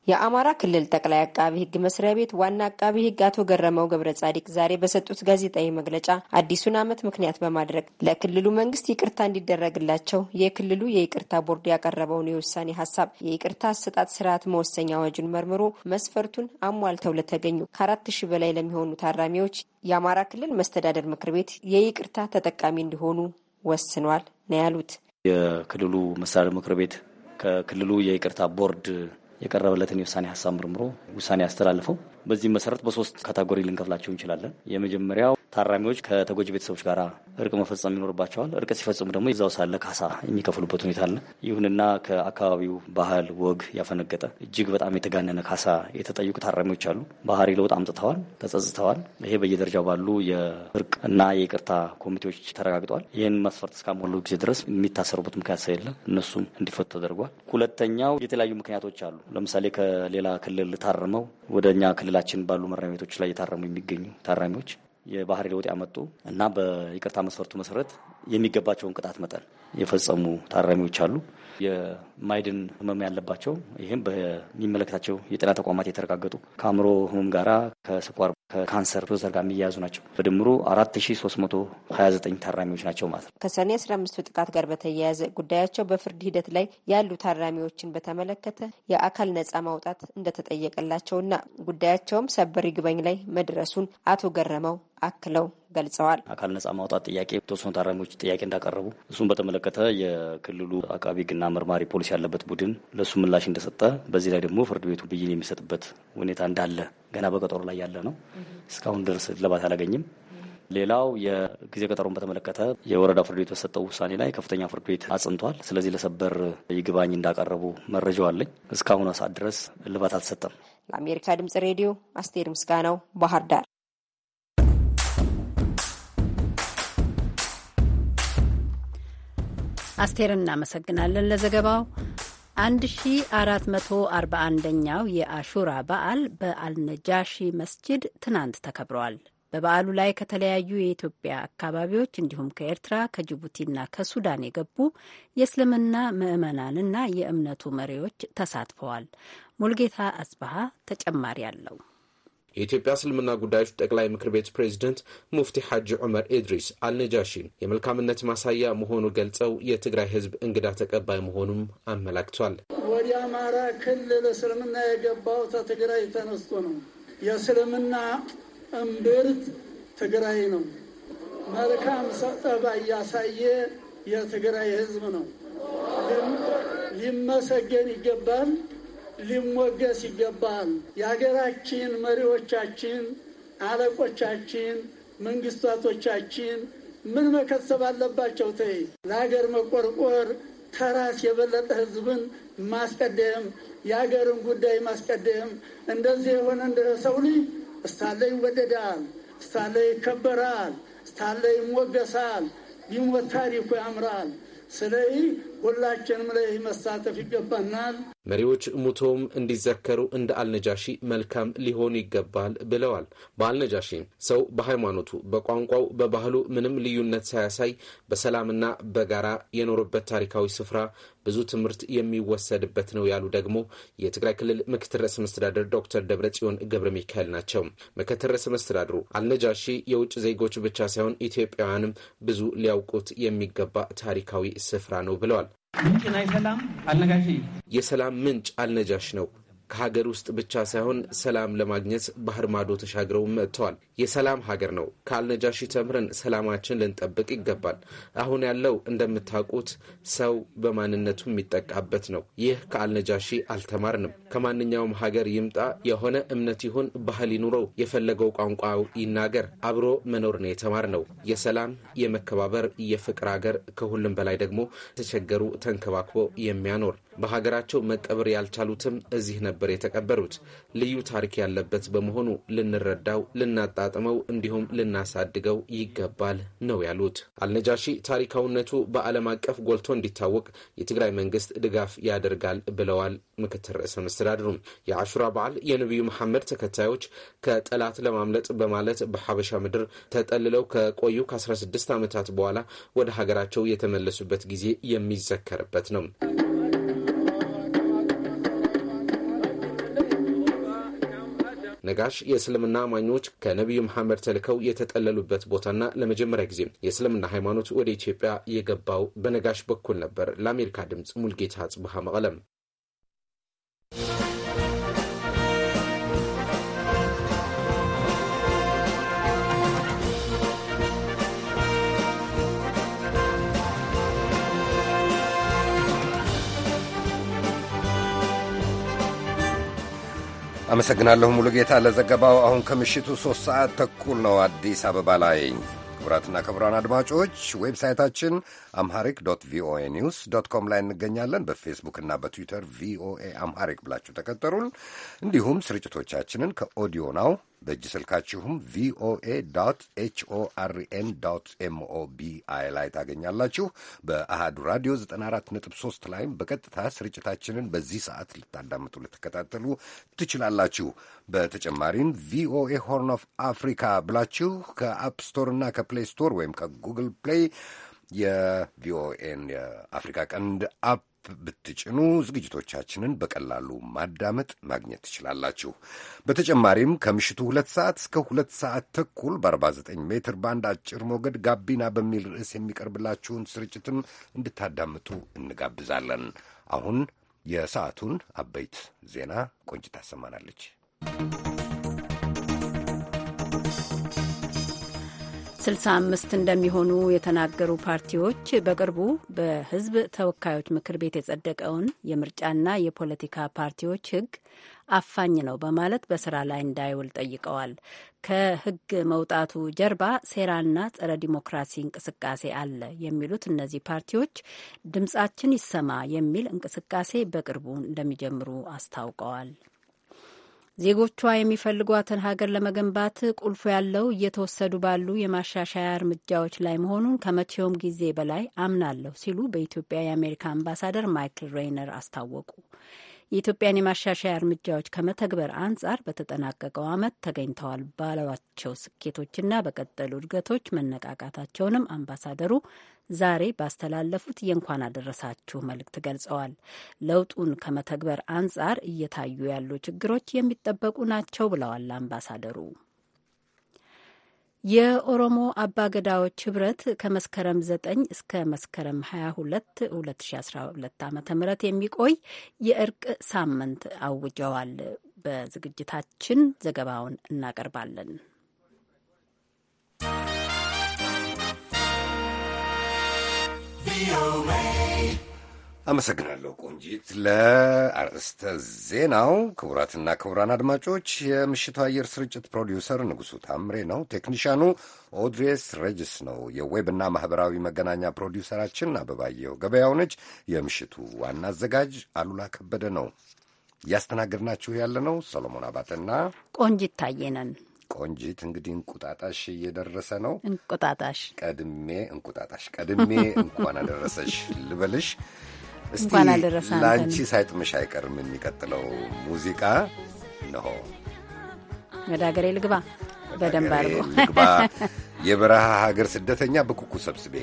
የአማራ ክልል ጠቅላይ አቃቢ ሕግ መስሪያ ቤት ዋና አቃቢ ሕግ አቶ ገረመው ገብረ ጻዲቅ ዛሬ በሰጡት ጋዜጣዊ መግለጫ አዲሱን ዓመት ምክንያት በማድረግ ለክልሉ መንግስት ይቅርታ እንዲደረግላቸው የክልሉ የይቅርታ ቦርድ ያቀረበውን የውሳኔ ሀሳብ የይቅርታ አሰጣጥ ስርዓት መወሰኛ አዋጁን መርምሮ መስፈርቱን አሟልተው ለተገኙ ከአራት ሺህ በላይ ለሚሆኑ ታራሚዎች የአማራ ክልል መስተዳደር ምክር ቤት የይቅርታ ተጠቃሚ እንዲሆኑ ወስኗል ነው ያሉት። የክልሉ መስተዳድር ምክር ቤት ከክልሉ የይቅርታ ቦርድ የቀረበለትን የውሳኔ ሀሳብ ምርምሮ ውሳኔ አስተላልፈው በዚህ መሰረት በሶስት ካታጎሪ ልንከፍላቸው እንችላለን። የመጀመሪያው ታራሚዎች ከተጎጂ ቤተሰቦች ጋር እርቅ መፈጸም ይኖርባቸዋል። እርቅ ሲፈጽሙ ደግሞ እዛው ሳለ ካሳ የሚከፍሉበት ሁኔታ አለ። ይሁንና ከአካባቢው ባህል ወግ ያፈነገጠ እጅግ በጣም የተጋነነ ካሳ የተጠየቁ ታራሚዎች አሉ። ባህሪ ለውጥ አምጥተዋል፣ ተጸጽተዋል። ይሄ በየደረጃው ባሉ የእርቅ እና የይቅርታ ኮሚቴዎች ተረጋግጧል። ይህን መስፈርት እስካሞሉ ጊዜ ድረስ የሚታሰሩበት ምክንያት ስለሌለ እነሱም እንዲፈቱ ተደርጓል። ሁለተኛው የተለያዩ ምክንያቶች አሉ። ለምሳሌ ከሌላ ክልል ታርመው ወደ እኛ ክልል በክልላችን ባሉ ማረሚያ ቤቶች ላይ የታረሙ የሚገኙ ታራሚዎች የባህሪ ለውጥ ያመጡ እና በይቅርታ መስፈርቱ መሰረት የሚገባቸውን ቅጣት መጠን የፈጸሙ ታራሚዎች አሉ። ማይድን ህመም ያለባቸው ይህም በሚመለከታቸው የጤና ተቋማት የተረጋገጡ ከአእምሮ ህመም ጋራ ከስኳር ከካንሰር ዶዘር ጋር የሚያያዙ ናቸው። በድምሩ 4329 ታራሚዎች ናቸው ማለት ነው። ከሰኔ 15 ጥቃት ጋር በተያያዘ ጉዳያቸው በፍርድ ሂደት ላይ ያሉ ታራሚዎችን በተመለከተ የአካል ነጻ ማውጣት እንደተጠየቀላቸውና ጉዳያቸውም ሰበር ይግባኝ ላይ መድረሱን አቶ ገረመው አክለው ገልጸዋል። አካል ነጻ ማውጣት ጥያቄ የተወሰኑ ታራሚዎች ጥያቄ እንዳቀረቡ እሱን በተመለከተ የክልሉ አቃቢ ሕግና መርማሪ ፖሊስ ፖሊሲ ያለበት ቡድን ለእሱ ምላሽ እንደሰጠ በዚህ ላይ ደግሞ ፍርድ ቤቱ ብይን የሚሰጥበት ሁኔታ እንዳለ ገና በቀጠሮ ላይ ያለ ነው። እስካሁን ድረስ እልባት አላገኝም። ሌላው የጊዜ ቀጠሮን በተመለከተ የወረዳ ፍርድ ቤት በሰጠው ውሳኔ ላይ ከፍተኛ ፍርድ ቤት አጽንቷል። ስለዚህ ለሰበር ይግባኝ እንዳቀረቡ መረጃው አለኝ። እስካሁን ሰዓት ድረስ እልባት አልተሰጠም። ለአሜሪካ ድምጽ ሬዲዮ አስቴር ምስጋናው ባህር ዳር። አስቴር እናመሰግናለን ለዘገባው። 1441ኛው የአሹራ በዓል በአልነጃሺ መስጂድ ትናንት ተከብረዋል። በበዓሉ ላይ ከተለያዩ የኢትዮጵያ አካባቢዎች እንዲሁም ከኤርትራ ከጅቡቲና ከሱዳን የገቡ የእስልምና ምዕመናንና የእምነቱ መሪዎች ተሳትፈዋል። ሙልጌታ አጽበሃ ተጨማሪ አለው። የኢትዮጵያ እስልምና ጉዳዮች ጠቅላይ ምክር ቤት ፕሬዚደንት ሙፍቲ ሐጂ ዑመር ኢድሪስ አልነጃሺ የመልካምነት ማሳያ መሆኑ ገልጸው የትግራይ ሕዝብ እንግዳ ተቀባይ መሆኑም አመላክቷል። ወደ አማራ ክልል እስልምና የገባው ከትግራይ ተነስቶ ነው። የእስልምና እምብርት ትግራይ ነው። መልካም ሰጠባ ያሳየ የትግራይ ሕዝብ ነው። ሊመሰገን ይገባል። ሊሞገስ ይገባል። የሀገራችን መሪዎቻችን፣ አለቆቻችን፣ መንግስታቶቻችን ምን መከሰብ አለባቸው? ተይ ለሀገር መቆርቆር ተራስ የበለጠ ህዝብን ማስቀደም፣ የሀገርን ጉዳይ ማስቀደም። እንደዚህ የሆነ እንደ ሰው ልጅ እስታለ ይወደዳል፣ እስታለ ይከበራል፣ እስታለ ይሞገሳል። ቢሞት ታሪኩ ያምራል። ስለዚህ ሁላችንም ላይ መሳተፍ ይገባናል። መሪዎች ሙቶም እንዲዘከሩ እንደ አልነጃሺ መልካም ሊሆን ይገባል ብለዋል። በአልነጃሺ ሰው በሃይማኖቱ፣ በቋንቋው፣ በባህሉ ምንም ልዩነት ሳያሳይ በሰላምና በጋራ የኖረበት ታሪካዊ ስፍራ ብዙ ትምህርት የሚወሰድበት ነው ያሉ ደግሞ የትግራይ ክልል ምክትል ርዕሰ መስተዳደር ዶክተር ደብረጽዮን ገብረ ሚካኤል ናቸው። ምክትል ርዕሰ መስተዳድሩ አልነጃሺ የውጭ ዜጎች ብቻ ሳይሆን ኢትዮጵያውያንም ብዙ ሊያውቁት የሚገባ ታሪካዊ ስፍራ ነው ብለዋል። ምንጭ ናይ ሰላም አልነጋሽ የሰላም ምንጭ አልነጃሽ ነው ከሀገር ውስጥ ብቻ ሳይሆን ሰላም ለማግኘት ባህር ማዶ ተሻግረው መጥተዋል። የሰላም ሀገር ነው። ከአልነጃሺ ተምረን ሰላማችን ልንጠብቅ ይገባል። አሁን ያለው እንደምታውቁት ሰው በማንነቱ የሚጠቃበት ነው። ይህ ከአልነጃሺ አልተማርንም። ከማንኛውም ሀገር ይምጣ፣ የሆነ እምነት ይሁን፣ ባህል ይኑረው፣ የፈለገው ቋንቋ ይናገር፣ አብሮ መኖር ነው የተማር ነው። የሰላም የመከባበር የፍቅር ሀገር ከሁሉም በላይ ደግሞ ተቸገሩ ተንከባክቦ የሚያኖር በሀገራቸው መቀበር ያልቻሉትም እዚህ ነበር የተቀበሩት። ልዩ ታሪክ ያለበት በመሆኑ ልንረዳው፣ ልናጣጥመው እንዲሁም ልናሳድገው ይገባል ነው ያሉት። አልነጃሺ ታሪካዊነቱ በዓለም አቀፍ ጎልቶ እንዲታወቅ የትግራይ መንግስት ድጋፍ ያደርጋል ብለዋል። ምክትል ርዕሰ መስተዳድሩ የአሹራ በዓል የነቢዩ መሐመድ ተከታዮች ከጠላት ለማምለጥ በማለት በሐበሻ ምድር ተጠልለው ከቆዩ ከ16 ዓመታት በኋላ ወደ ሀገራቸው የተመለሱበት ጊዜ የሚዘከርበት ነው። ነጋሽ የእስልምና አማኞች ከነቢዩ መሐመድ ተልከው የተጠለሉበት ቦታና ለመጀመሪያ ጊዜ የእስልምና ሃይማኖት ወደ ኢትዮጵያ የገባው በነጋሽ በኩል ነበር። ለአሜሪካ ድምፅ ሙልጌታ ጽብሃ መቀለም አመሰግናለሁ ጌታ ለዘገባው። አሁን ከምሽቱ ሦስት ሰዓት ተኩል ነው አዲስ አበባ ላይ። ክቡራትና ክቡራን አድማጮች ዌብሳይታችን አምሃሪክ ዶት ቪኦኤ ኒውስ ዶት ኮም ላይ እንገኛለን። በፌስቡክና በትዊተር ቪኦኤ አምሃሪክ ብላችሁ ተከተሉን። እንዲሁም ስርጭቶቻችንን ከኦዲዮ ናው በእጅ ስልካችሁም ቪኦኤ ኤችኦአርኤን ኤምኦቢአይ ላይ ታገኛላችሁ። በአሃዱ ራዲዮ 94.3 ላይም በቀጥታ ስርጭታችንን በዚህ ሰዓት ልታዳምጡ ልትከታተሉ ትችላላችሁ። በተጨማሪም ቪኦኤ ሆርን ኦፍ አፍሪካ ብላችሁ ከአፕ እና ከፕሌይ ስቶር ወይም ከጉግል ፕሌይ የቪኦኤን የአፍሪካ ቀንድ አፕ ብትጭኑ ዝግጅቶቻችንን በቀላሉ ማዳመጥ ማግኘት ትችላላችሁ። በተጨማሪም ከምሽቱ ሁለት ሰዓት እስከ ሁለት ሰዓት ተኩል በ49 ሜትር በአንድ አጭር ሞገድ ጋቢና በሚል ርዕስ የሚቀርብላችሁን ስርጭትም እንድታዳምጡ እንጋብዛለን። አሁን የሰዓቱን አበይት ዜና ቆንጭት ታሰማናለች። 65 እንደሚሆኑ የተናገሩ ፓርቲዎች በቅርቡ በሕዝብ ተወካዮች ምክር ቤት የጸደቀውን የምርጫና የፖለቲካ ፓርቲዎች ሕግ አፋኝ ነው በማለት በስራ ላይ እንዳይውል ጠይቀዋል። ከሕግ መውጣቱ ጀርባ ሴራና ጸረ ዲሞክራሲ እንቅስቃሴ አለ የሚሉት እነዚህ ፓርቲዎች ድምጻችን ይሰማ የሚል እንቅስቃሴ በቅርቡ እንደሚጀምሩ አስታውቀዋል። ዜጎቿ የሚፈልጓትን ሀገር ለመገንባት ቁልፉ ያለው እየተወሰዱ ባሉ የማሻሻያ እርምጃዎች ላይ መሆኑን ከመቼውም ጊዜ በላይ አምናለሁ ሲሉ በኢትዮጵያ የአሜሪካ አምባሳደር ማይክል ሬይነር አስታወቁ። የኢትዮጵያን የማሻሻያ እርምጃዎች ከመተግበር አንጻር በተጠናቀቀው ዓመት ተገኝተዋል ባሏቸው ስኬቶችና በቀጠሉ እድገቶች መነቃቃታቸውንም አምባሳደሩ ዛሬ ባስተላለፉት የእንኳን አደረሳችሁ መልእክት ገልጸዋል። ለውጡን ከመተግበር አንጻር እየታዩ ያሉ ችግሮች የሚጠበቁ ናቸው ብለዋል አምባሳደሩ። የኦሮሞ አባገዳዎች ህብረት ከመስከረም 9 እስከ መስከረም 22 2012 ዓ ም የሚቆይ የእርቅ ሳምንት አውጀዋል። በዝግጅታችን ዘገባውን እናቀርባለን። ቪኦኤ አመሰግናለሁ ቆንጂት ለአርዕስተ ዜናው። ክቡራትና ክቡራን አድማጮች የምሽቱ አየር ስርጭት ፕሮዲውሰር ንጉሱ ታምሬ ነው። ቴክኒሻኑ ኦድሬስ ሬጅስ ነው። የዌብና ማህበራዊ መገናኛ ፕሮዲውሰራችን አበባየሁ ገበያው ነች። የምሽቱ ዋና አዘጋጅ አሉላ ከበደ ነው። እያስተናገድናችሁ ያለ ነው ሰሎሞን አባተና ቆንጂት ታየነን። ቆንጂት እንግዲህ እንቁጣጣሽ እየደረሰ ነው። እንቁጣጣሽ ቀድሜ እንቁጣጣሽ ቀድሜ እንኳን አደረሰሽ ልበልሽ። እስቲ ለአንቺ ሳይጥምሽ አይቀርም የሚቀጥለው ሙዚቃ ነሆ። ወደ ሀገሬ ልግባ በደንብ አድርጎ ልግባ የበረሃ ሀገር ስደተኛ በኩኩ ሰብስቤ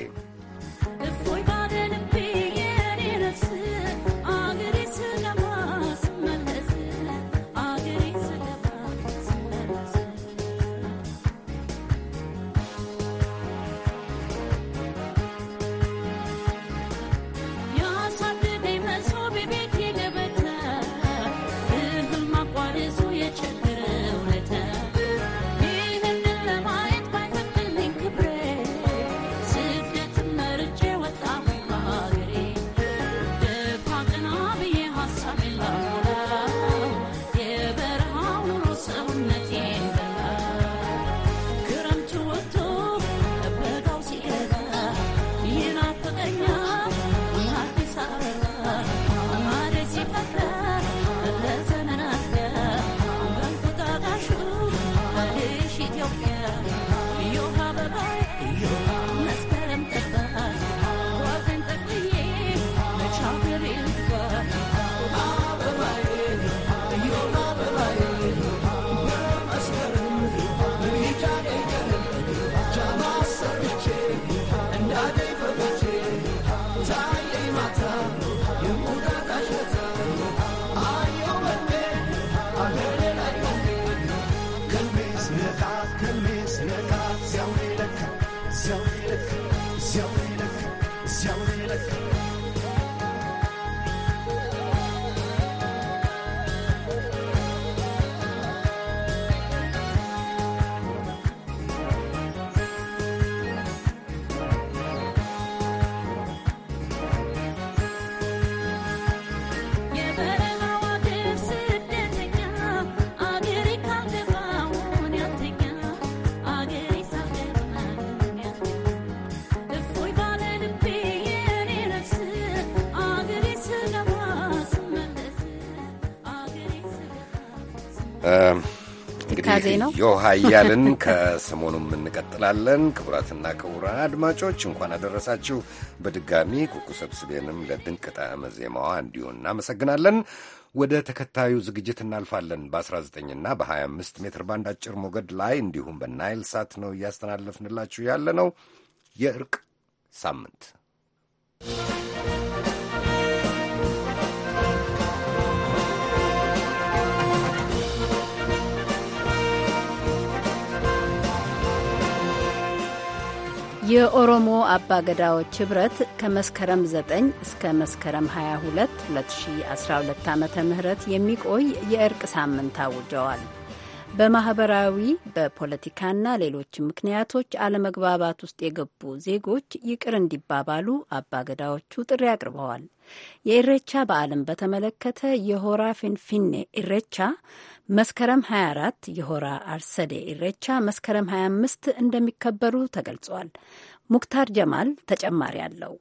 ዮ ሀያልን ከሰሞኑም እንቀጥላለን። ክቡራትና ክቡራን አድማጮች እንኳን አደረሳችሁ። በድጋሚ ኩኩ ሰብስቤንም ለድንቅ ጣዕመ ዜማዋ እንዲሁ እናመሰግናለን። ወደ ተከታዩ ዝግጅት እናልፋለን። በ19ና በ25 ሜትር ባንድ አጭር ሞገድ ላይ እንዲሁም በናይል ሳት ነው እያስተላለፍንላችሁ ያለ ነው የእርቅ ሳምንት የኦሮሞ አባገዳዎች ህብረት ከመስከረም 9 እስከ መስከረም 22 2012 ዓ ም የሚቆይ የእርቅ ሳምንት አውጀዋል። በማህበራዊ በፖለቲካና ሌሎች ምክንያቶች አለመግባባት ውስጥ የገቡ ዜጎች ይቅር እንዲባባሉ አባገዳዎቹ ጥሪ አቅርበዋል። የኢሬቻ በዓልን በተመለከተ የሆራ ፊንፊኔ ኢሬቻ መስከረም 24 የሆራ አርሰዴ ኢሬቻ መስከረም 25 እንደሚከበሩ ተገልጿል። ሙክታር ጀማል ተጨማሪ አለው።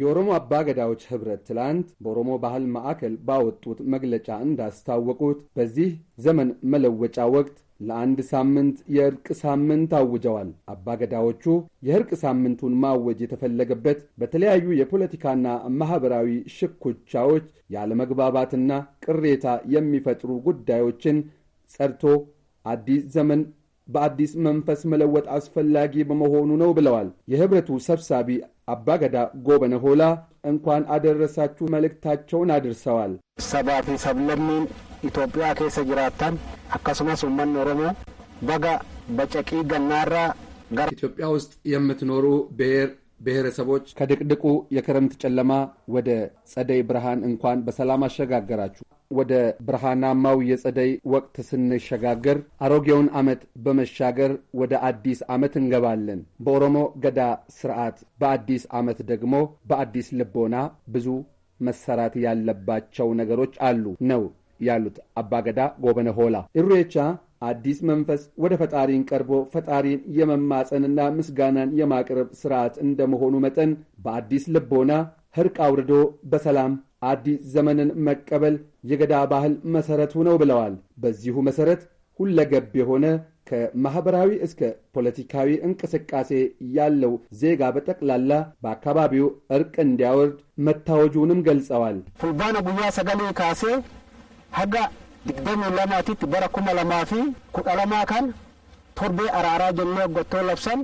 የኦሮሞ አባ ገዳዎች ህብረት ትላንት በኦሮሞ ባህል ማዕከል ባወጡት መግለጫ እንዳስታወቁት በዚህ ዘመን መለወጫ ወቅት ለአንድ ሳምንት የእርቅ ሳምንት አውጀዋል። አባገዳዎቹ የእርቅ ሳምንቱን ማወጅ የተፈለገበት በተለያዩ የፖለቲካና ማኅበራዊ ሽኩቻዎች ያለመግባባትና ቅሬታ የሚፈጥሩ ጉዳዮችን ጸድቶ አዲስ ዘመን በአዲስ መንፈስ መለወጥ አስፈላጊ በመሆኑ ነው ብለዋል። የኅብረቱ ሰብሳቢ አባገዳ ጎበነ ሆላ እንኳን አደረሳችሁ መልእክታቸውን አድርሰዋል። ሰባት ሰብለሚን Itoophiyaa keessa jiraatan akkasumas uummanni Oromoo baga bacaqii gannaarraa gara ኢትዮጵያ ውስጥ የምትኖሩ ብሔር ብሔረሰቦች ከድቅድቁ የክረምት ጨለማ ወደ ጸደይ ብርሃን እንኳን በሰላም አሸጋገራችሁ። ወደ ብርሃናማው የጸደይ ወቅት ስንሸጋገር አሮጌውን ዓመት በመሻገር ወደ አዲስ ዓመት እንገባለን። በኦሮሞ ገዳ ስርዓት በአዲስ ዓመት ደግሞ በአዲስ ልቦና ብዙ መሰራት ያለባቸው ነገሮች አሉ ነው ያሉት አባገዳ ጎበነ ሆላ ኢሬቻ አዲስ መንፈስ ወደ ፈጣሪን ቀርቦ ፈጣሪን የመማፀንና ምስጋናን የማቅረብ ስርዓት እንደመሆኑ መጠን በአዲስ ልቦና ህርቅ አውርዶ በሰላም አዲስ ዘመንን መቀበል የገዳ ባህል መሠረቱ ነው ብለዋል። በዚሁ መሠረት ሁለገብ የሆነ ከማኅበራዊ እስከ ፖለቲካዊ እንቅስቃሴ ያለው ዜጋ በጠቅላላ በአካባቢው እርቅ እንዲያወርድ መታወጁንም ገልጸዋል። ፉልባነ ጉያ ሰገሌ ካሴ haga digdamii lamaatitti bara kuma lamaa fi kudha lamaa kan torbee araaraa jennee gottoo labsan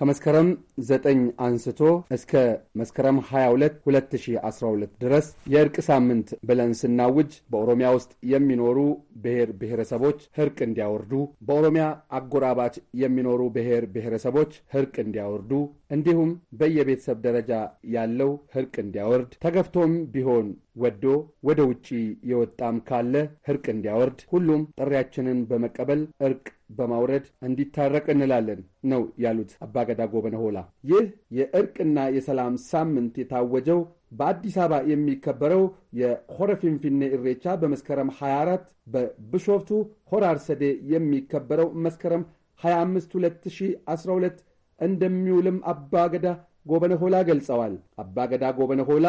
ከመስከረም 9 አንስቶ እስከ መስከረም 22 2012 ድረስ የእርቅ ሳምንት ብለን ስናውጅ በኦሮሚያ ውስጥ የሚኖሩ ብሔር ብሔረሰቦች እርቅ እንዲያወርዱ፣ በኦሮሚያ አጎራባች የሚኖሩ ብሔር ብሔረሰቦች እርቅ እንዲያወርዱ እንዲሁም በየቤተሰብ ደረጃ ያለው እርቅ እንዲያወርድ ተገፍቶም ቢሆን ወዶ ወደ ውጪ የወጣም ካለ እርቅ እንዲያወርድ ሁሉም ጥሪያችንን በመቀበል እርቅ በማውረድ እንዲታረቅ እንላለን ነው ያሉት አባገዳ ጎበነ ሆላ። ይህ የእርቅና የሰላም ሳምንት የታወጀው በአዲስ አበባ የሚከበረው የሆረ ፊንፊኔ ኢሬቻ በመስከረም 24 በብሾፍቱ ሆራ አርሰዴ የሚከበረው መስከረም 25 2012 እንደሚውልም አባገዳ ጎበነ ሆላ ገልጸዋል። አባገዳ ጎበነ ሆላ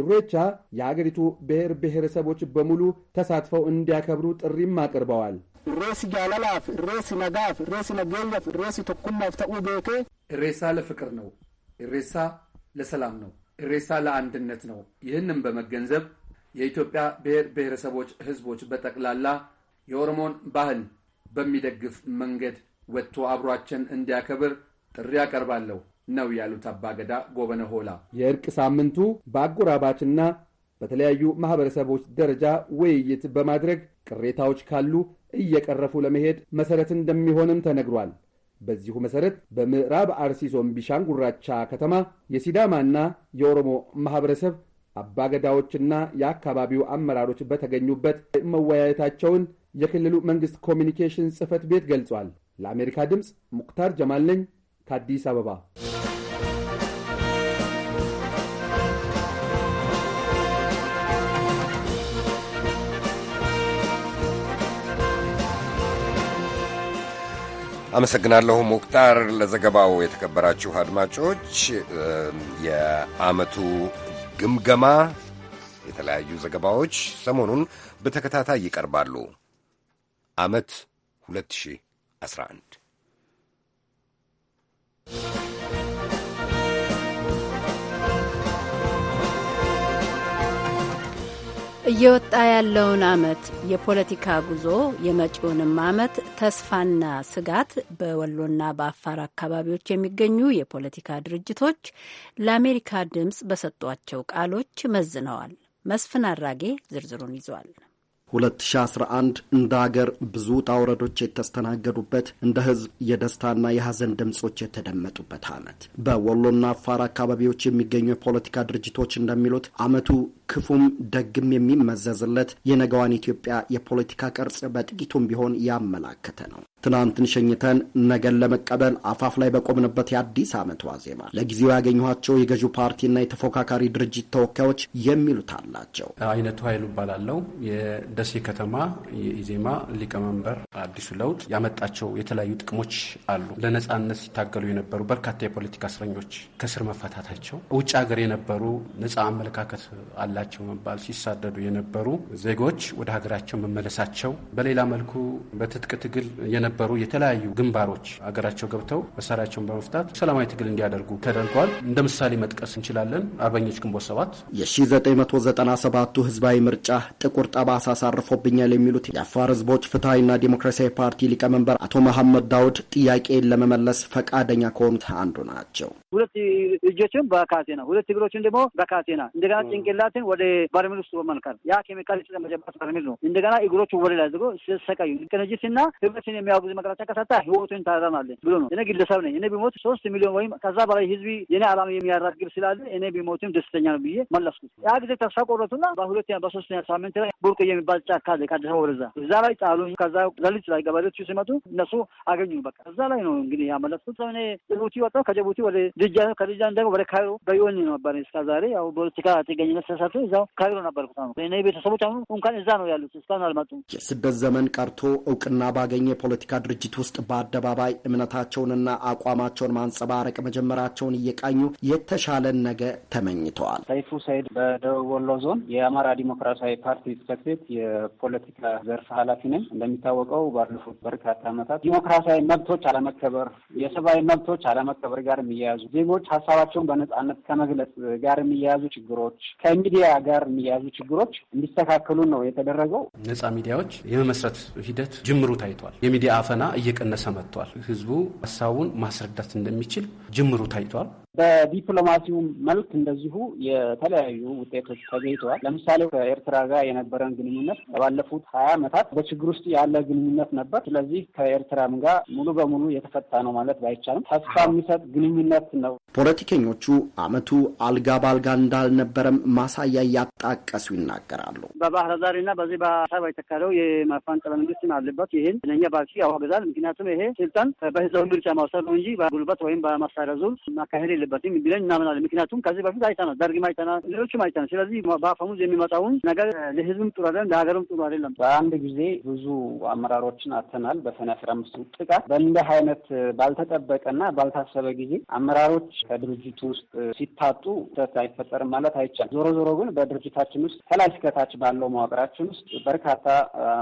ኢሬቻ የአገሪቱ ብሔር ብሔረሰቦች በሙሉ ተሳትፈው እንዲያከብሩ ጥሪም አቅርበዋል። ሬሲ ጃለላፍ ሬሲ ነጋፍ ሬሲ ነገየፍ ሬሲ ቶኩማፍ ተኡ ቤቴ እሬሳ ለፍቅር ነው። እሬሳ ለሰላም ነው። እሬሳ ለአንድነት ነው። ይህንም በመገንዘብ የኢትዮጵያ ብሔር ብሔረሰቦች ሕዝቦች በጠቅላላ የኦሮሞን ባህል በሚደግፍ መንገድ ወጥቶ አብሯችን እንዲያከብር ጥሪ ያቀርባለሁ ነው ያሉት አባገዳ ጎበነ ሆላ። የእርቅ ሳምንቱ በአጎራባችና በተለያዩ ማህበረሰቦች ደረጃ ውይይት በማድረግ ቅሬታዎች ካሉ እየቀረፉ ለመሄድ መሠረት እንደሚሆንም ተነግሯል። በዚሁ መሠረት በምዕራብ አርሲ ዞን ቢሻንጉራቻ ከተማ የሲዳማና የኦሮሞ ማህበረሰብ አባገዳዎችና የአካባቢው አመራሮች በተገኙበት መወያየታቸውን የክልሉ መንግሥት ኮሚኒኬሽን ጽሕፈት ቤት ገልጿል። ለአሜሪካ ድምፅ ሙክታር ጀማል ነኝ ከአዲስ አበባ አመሰግናለሁ ሙክታር ለዘገባው። የተከበራችሁ አድማጮች የአመቱ ግምገማ የተለያዩ ዘገባዎች ሰሞኑን በተከታታይ ይቀርባሉ። አመት 2011 እየወጣ ያለውን አመት የፖለቲካ ጉዞ የመጪውንም አመት ተስፋና ስጋት በወሎና በአፋር አካባቢዎች የሚገኙ የፖለቲካ ድርጅቶች ለአሜሪካ ድምፅ በሰጧቸው ቃሎች መዝነዋል። መስፍን አራጌ ዝርዝሩን ይዟል። 2011 እንደ አገር ብዙ ውጣ ውረዶች የተስተናገዱበት እንደ ህዝብ የደስታና የሐዘን ድምጾች የተደመጡበት ዓመት። በወሎና አፋር አካባቢዎች የሚገኙ የፖለቲካ ድርጅቶች እንደሚሉት ዓመቱ ክፉም ደግም የሚመዘዝለት የነገዋን ኢትዮጵያ የፖለቲካ ቅርጽ በጥቂቱም ቢሆን ያመላከተ ነው። ትናንትን ሸኝተን ነገን ለመቀበል አፋፍ ላይ በቆምንበት የአዲስ ዓመት ዋዜማ ለጊዜው ያገኘኋቸው የገዢው ፓርቲና የተፎካካሪ ድርጅት ተወካዮች የሚሉት አላቸው። አይነቱ ኃይሉ እባላለሁ። የደሴ ከተማ የኢዜማ ሊቀመንበር። አዲሱ ለውጥ ያመጣቸው የተለያዩ ጥቅሞች አሉ። ለነጻነት ሲታገሉ የነበሩ በርካታ የፖለቲካ እስረኞች ከስር መፈታታቸው፣ ውጭ ሀገር የነበሩ ነጻ አመለካከት አላቸው መባል፣ ሲሳደዱ የነበሩ ዜጎች ወደ ሀገራቸው መመለሳቸው፣ በሌላ መልኩ በትጥቅ ትግል የነበሩ የተለያዩ ግንባሮች አገራቸው ገብተው መሳሪያቸውን በመፍታት ሰላማዊ ትግል እንዲያደርጉ ተደርጓል። እንደ ምሳሌ መጥቀስ እንችላለን። አርበኞች ግንቦት ሰባት የ1997ቱ ህዝባዊ ምርጫ ጥቁር ጠባሳ አሳርፎብኛል የሚሉት የአፋር ህዝቦች ፍትሐዊና ዲሞክራሲያዊ ፓርቲ ሊቀመንበር አቶ መሐመድ ዳውድ ጥያቄን ለመመለስ ፈቃደኛ ከሆኑት አንዱ ናቸው። ሁለት እጆችን በካቴና ሁለት እግሮችን ደግሞ በካቴና እንደገና ጭንቅላትን ወደ በርሜል ውስጥ በመልካል ያ ኬሚካል የተጠመደበት በርሜል ነው። እንደገና እግሮቹ ወደ ላይ አድርጎ ሲሰቃዩ ቅንጅትና ህብረትን የሚያጉዝ መቅረጫ ከሰጣ ህይወቱን ታረማለን ብሎ ነው። እኔ ግለሰብ ነኝ። እኔ ቢሞት ሶስት ሚሊዮን ወይም ከዛ በላይ ህዝቢ የኔ አላማ የሚያራግብ ስላለ እኔ ቢሞትም ደስተኛ ነው ብዬ መለስኩት። ያ ጊዜ ተስፋ ቆረቱና በሁለተኛ በሶስተኛ ሳምንት ላይ ቡርቅ የሚባል ጫካ አለ ከአዲስ አበባ ወደዛ እዛ ላይ ጣሉ። ከዛ ለልጅ ላይ ገበሬዎቹ ሲመጡ እነሱ አገኙ። በቃ እዛ ላይ ነው እንግዲህ ያመለስኩት። እኔ ጅቡቲ ወጣሁ። ከጅቡቲ ወደ ድጃ ከድጃ ደግሞ ወደ ካይሮ በዮኒ ነበር እስከ ዛሬ ያው ፖለቲካ ጥገኝነት ተሳቶ እዛው ካይሮ ነበርኩት ነው። እኔ ቤተሰቦች አሁን እንኳን እዛ ነው ያሉት፣ እስካሁን አልመጡም። የስደት ዘመን ቀርቶ እውቅና ባገኘ የፖለቲካ ድርጅት ውስጥ በአደባባይ እምነታቸውንና አቋማቸውን ማንጸባረቅ መጀመራቸውን እየቃኙ የተሻለን ነገ ተመኝተዋል። ሰይፉ ሰይድ በደቡብ ወሎ ዞን የአማራ ዲሞክራሲያዊ ፓርቲ ጽሕፈት ቤት የፖለቲካ ዘርፍ ኃላፊ ነኝ። እንደሚታወቀው ባለፉት በርካታ ዓመታት ዲሞክራሲያዊ መብቶች አለመከበር፣ የሰብአዊ መብቶች አለመከበር ጋር የሚያያዙ ዜጎች ሀሳባቸውን በነጻነት ከመግለጽ ጋር የሚያያዙ ችግሮች ከሚዲያ ጋር የሚያያዙ ችግሮች እንዲስተካከሉ ነው የተደረገው። ነጻ ሚዲያዎች የመመስረት ሂደት ጅምሩ ታይቷል። የሚዲያ አፈና እየቀነሰ መጥቷል። ህዝቡ ሀሳቡን ማስረዳት እንደሚችል ጅምሩ ታይቷል። በዲፕሎማሲው መልክ እንደዚሁ የተለያዩ ውጤቶች ተገኝተዋል። ለምሳሌ ከኤርትራ ጋር የነበረን ግንኙነት ባለፉት ሀያ ዓመታት በችግር ውስጥ ያለ ግንኙነት ነበር። ስለዚህ ከኤርትራም ጋር ሙሉ በሙሉ የተፈታ ነው ማለት ባይቻልም ተስፋ የሚሰጥ ግንኙነት ነው። ፖለቲከኞቹ አመቱ አልጋ በአልጋ እንዳልነበረም ማሳያ እያጣቀሱ ይናገራሉ። በባህረ ዳር እና በዚህ በሀሳብ የተካሄደው የመፈንቅለ መንግስት አለበት። ይህን እነኛ ባልቺ ያወግዛል። ምክንያቱም ይሄ ስልጣን በህዝባዊ ምርጫ ማውሰድ ነው እንጂ በጉልበት ወይም በማሳረዙ ማካሄድ የለበትም ብለን እናምናለን። ምክንያቱም ከዚህ በፊት አይተናል፣ ደርግም አይተናል፣ ሌሎችም አይተናል። ስለዚህ በአፈሙዝ የሚመጣውን ነገር ለህዝብም ጥሩ አይደለም፣ ለሀገርም ጥሩ አይደለም። በአንድ ጊዜ ብዙ አመራሮችን አተናል። በሰኔ አስራ አምስቱ ጥቃት በእንዲህ አይነት ባልተጠበቀና ባልታሰበ ጊዜ አመራሮች ከድርጅቱ ውስጥ ሲታጡ ስህተት አይፈጠርም ማለት አይቻልም። ዞሮ ዞሮ ግን በድርጅታችን ውስጥ ከላይ እስከታች ባለው መዋቅራችን ውስጥ በርካታ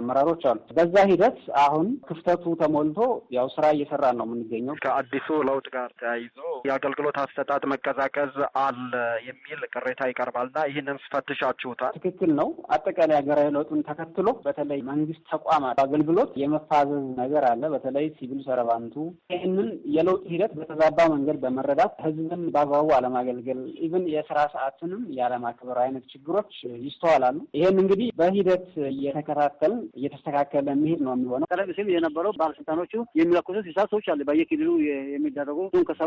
አመራሮች አሉ። በዛ ሂደት አሁን ክፍተቱ ተሞልቶ ያው ስራ እየሰራ ነው የምንገኘው። ከአዲሱ ለውጥ ጋር ተያይዞ የአገልግሎት አሰጣጥ መቀዛቀዝ አለ የሚል ቅሬታ ይቀርባልና ይህንን ስፈትሻችሁታል? ትክክል ነው። አጠቃላይ ሀገራዊ ለውጡን ተከትሎ በተለይ መንግስት ተቋማት አገልግሎት የመፋዘዝ ነገር አለ። በተለይ ሲቪል ሰረባንቱ ይህንን የለውጥ ሂደት በተዛባ መንገድ በመረዳት ህዝብን በአግባቡ አለማገልገል፣ ኢቭን የስራ ሰዓትንም ያለማክበር አይነት ችግሮች ይስተዋላሉ። ይህን እንግዲህ በሂደት እየተከታተል እየተስተካከለ መሄድ ነው የሚሆነው። ቀደም ሲል የነበረው ባለስልጣኖቹ የሚለኩሱት ሂሳብ ሰዎች አለ በየክልሉ የሚደረጉ ቱን አለ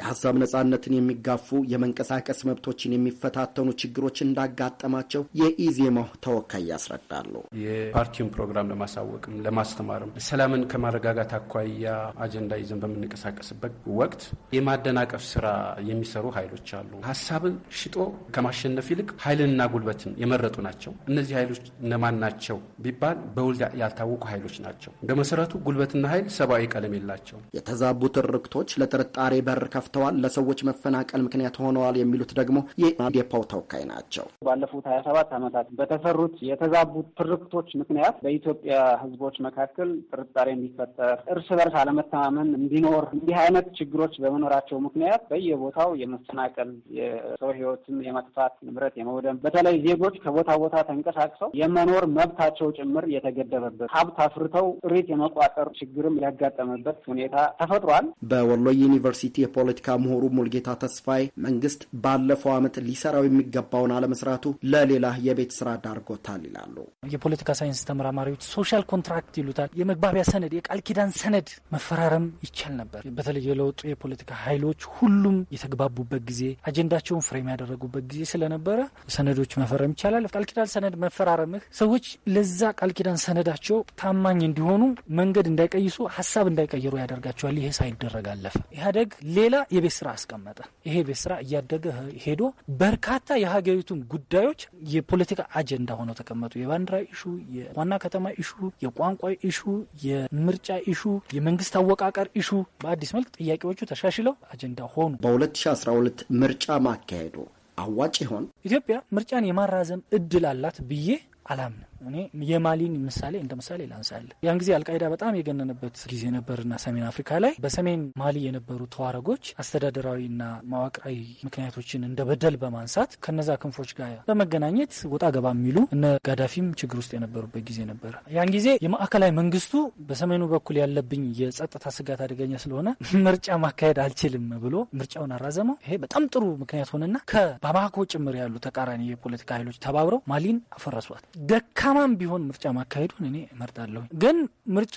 የሀሳብ ነጻነት ነጻነትን የሚጋፉ የመንቀሳቀስ መብቶችን የሚፈታተኑ ችግሮች እንዳጋጠማቸው የኢዜማው ተወካይ ያስረዳሉ። የፓርቲውን ፕሮግራም ለማሳወቅም ለማስተማርም ሰላምን ከማረጋጋት አኳያ አጀንዳ ይዘን በምንንቀሳቀስበት ወቅት የማደናቀፍ ስራ የሚሰሩ ኃይሎች አሉ። ሀሳብን ሽጦ ከማሸነፍ ይልቅ ኃይልንና ጉልበትን የመረጡ ናቸው። እነዚህ ኃይሎች እነማን ናቸው ቢባል በውል ያልታወቁ ኃይሎች ናቸው። በመሰረቱ ጉልበትና ኃይል ሰብአዊ ቀለም የላቸው። የተዛቡ ትርክቶች ለጥርጣሬ በር ከፍተዋል፣ ለሰዎች መፈናቀል ምክንያት ሆነዋል የሚሉት ደግሞ የኢዴፓው ተወካይ ናቸው። ባለፉት ሀያ ሰባት ዓመታት በተሰሩት የተዛቡት ትርክቶች ምክንያት በኢትዮጵያ ህዝቦች መካከል ጥርጣሬ እንዲፈጠር፣ እርስ በርስ አለመተማመን እንዲኖር፣ እንዲህ አይነት ችግሮች በመኖራቸው ምክንያት በየቦታው የመፈናቀል የሰው ህይወትን የመጥፋት ንብረት የመውደም በተለይ ዜጎች ከቦታ ቦታ ተንቀሳቅሰው የመኖር መብታቸው ጭምር የተገደበበት ሀብት አፍርተው ጥሪት የመቋጠር ችግርም ያጋጠመበት ሁኔታ ተፈጥሯል። በወሎ ዩኒቨርሲቲ የፖለቲካ ምሁሩ ሙል ሙልጌታ ተስፋዬ መንግስት ባለፈው ዓመት ሊሰራው የሚገባውን አለመስራቱ ለሌላ የቤት ስራ ዳርጎታል ይላሉ። የፖለቲካ ሳይንስ ተመራማሪዎች ሶሻል ኮንትራክት ይሉታል። የመግባቢያ ሰነድ፣ የቃል ኪዳን ሰነድ መፈራረም ይቻል ነበር። በተለይ የለውጡ የፖለቲካ ኃይሎች ሁሉም የተግባቡበት ጊዜ አጀንዳቸውን ፍሬም ያደረጉበት ጊዜ ስለነበረ ሰነዶች መፈረም ይቻላል። ቃል ኪዳን ሰነድ መፈራረምህ ሰዎች ለዛ ቃል ኪዳን ሰነዳቸው ታማኝ እንዲሆኑ መንገድ እንዳይቀይሱ ሀሳብ እንዳይቀይሩ ያደርጋቸዋል። ይሄ ሳይደረግ አለፈ። ኢህአዴግ ሌላ የቤት ስራ አስቀምጠ ተቀመጠ። ይሄ ቤት ስራ እያደገ ሄዶ በርካታ የሀገሪቱን ጉዳዮች የፖለቲካ አጀንዳ ሆነው ተቀመጡ። የባንዲራ ኢሹ፣ የዋና ከተማ ኢሹ፣ የቋንቋ ኢሹ፣ የምርጫ ኢሹ፣ የመንግስት አወቃቀር ኢሹ በአዲስ መልክ ጥያቄዎቹ ተሻሽለው አጀንዳ ሆኑ። በ2012 ምርጫ ማካሄዱ አዋጭ ይሆን? ኢትዮጵያ ምርጫን የማራዘም እድል አላት ብዬ አላምንም። እኔ የማሊን ምሳሌ እንደ ምሳሌ ላንሳል። ያን ጊዜ አልቃይዳ በጣም የገነነበት ጊዜ ነበርና ሰሜን አፍሪካ ላይ በሰሜን ማሊ የነበሩ ተዋረጎች አስተዳደራዊና መዋቅራዊ ምክንያቶችን እንደ በደል በማንሳት ከነዛ ክንፎች ጋር በመገናኘት ወጣ ገባ የሚሉ እነ ጋዳፊም ችግር ውስጥ የነበሩበት ጊዜ ነበር። ያን ጊዜ የማዕከላዊ መንግስቱ በሰሜኑ በኩል ያለብኝ የጸጥታ ስጋት አደገኛ ስለሆነ ምርጫ ማካሄድ አልችልም ብሎ ምርጫውን አራዘመው። ይሄ በጣም ጥሩ ምክንያት ሆነና ከባማኮ ጭምር ያሉ ተቃራኒ የፖለቲካ ኃይሎች ተባብረው ማሊን አፈረሷት። ደካ በጫማም ቢሆን ምርጫ ማካሄዱን እኔ እመርጣለሁ። ግን ምርጫ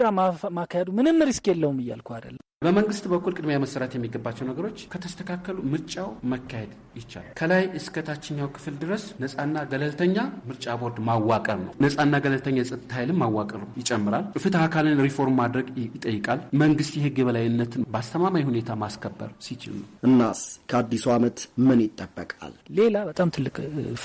ማካሄዱ ምንም ሪስክ የለውም እያልኩ አይደለም። በመንግስት በኩል ቅድሚያ መሰራት የሚገባቸው ነገሮች ከተስተካከሉ ምርጫው መካሄድ ይቻላል። ከላይ እስከ ታችኛው ክፍል ድረስ ነጻና ገለልተኛ ምርጫ ቦርድ ማዋቀር ነው። ነጻና ገለልተኛ የጸጥታ ኃይልን ማዋቀር ይጨምራል። ፍትህ አካልን ሪፎርም ማድረግ ይጠይቃል። መንግስት የህግ የበላይነትን በአስተማማኝ ሁኔታ ማስከበር ሲችል ነው። እናስ ከአዲሱ ዓመት ምን ይጠበቃል? ሌላ በጣም ትልቅ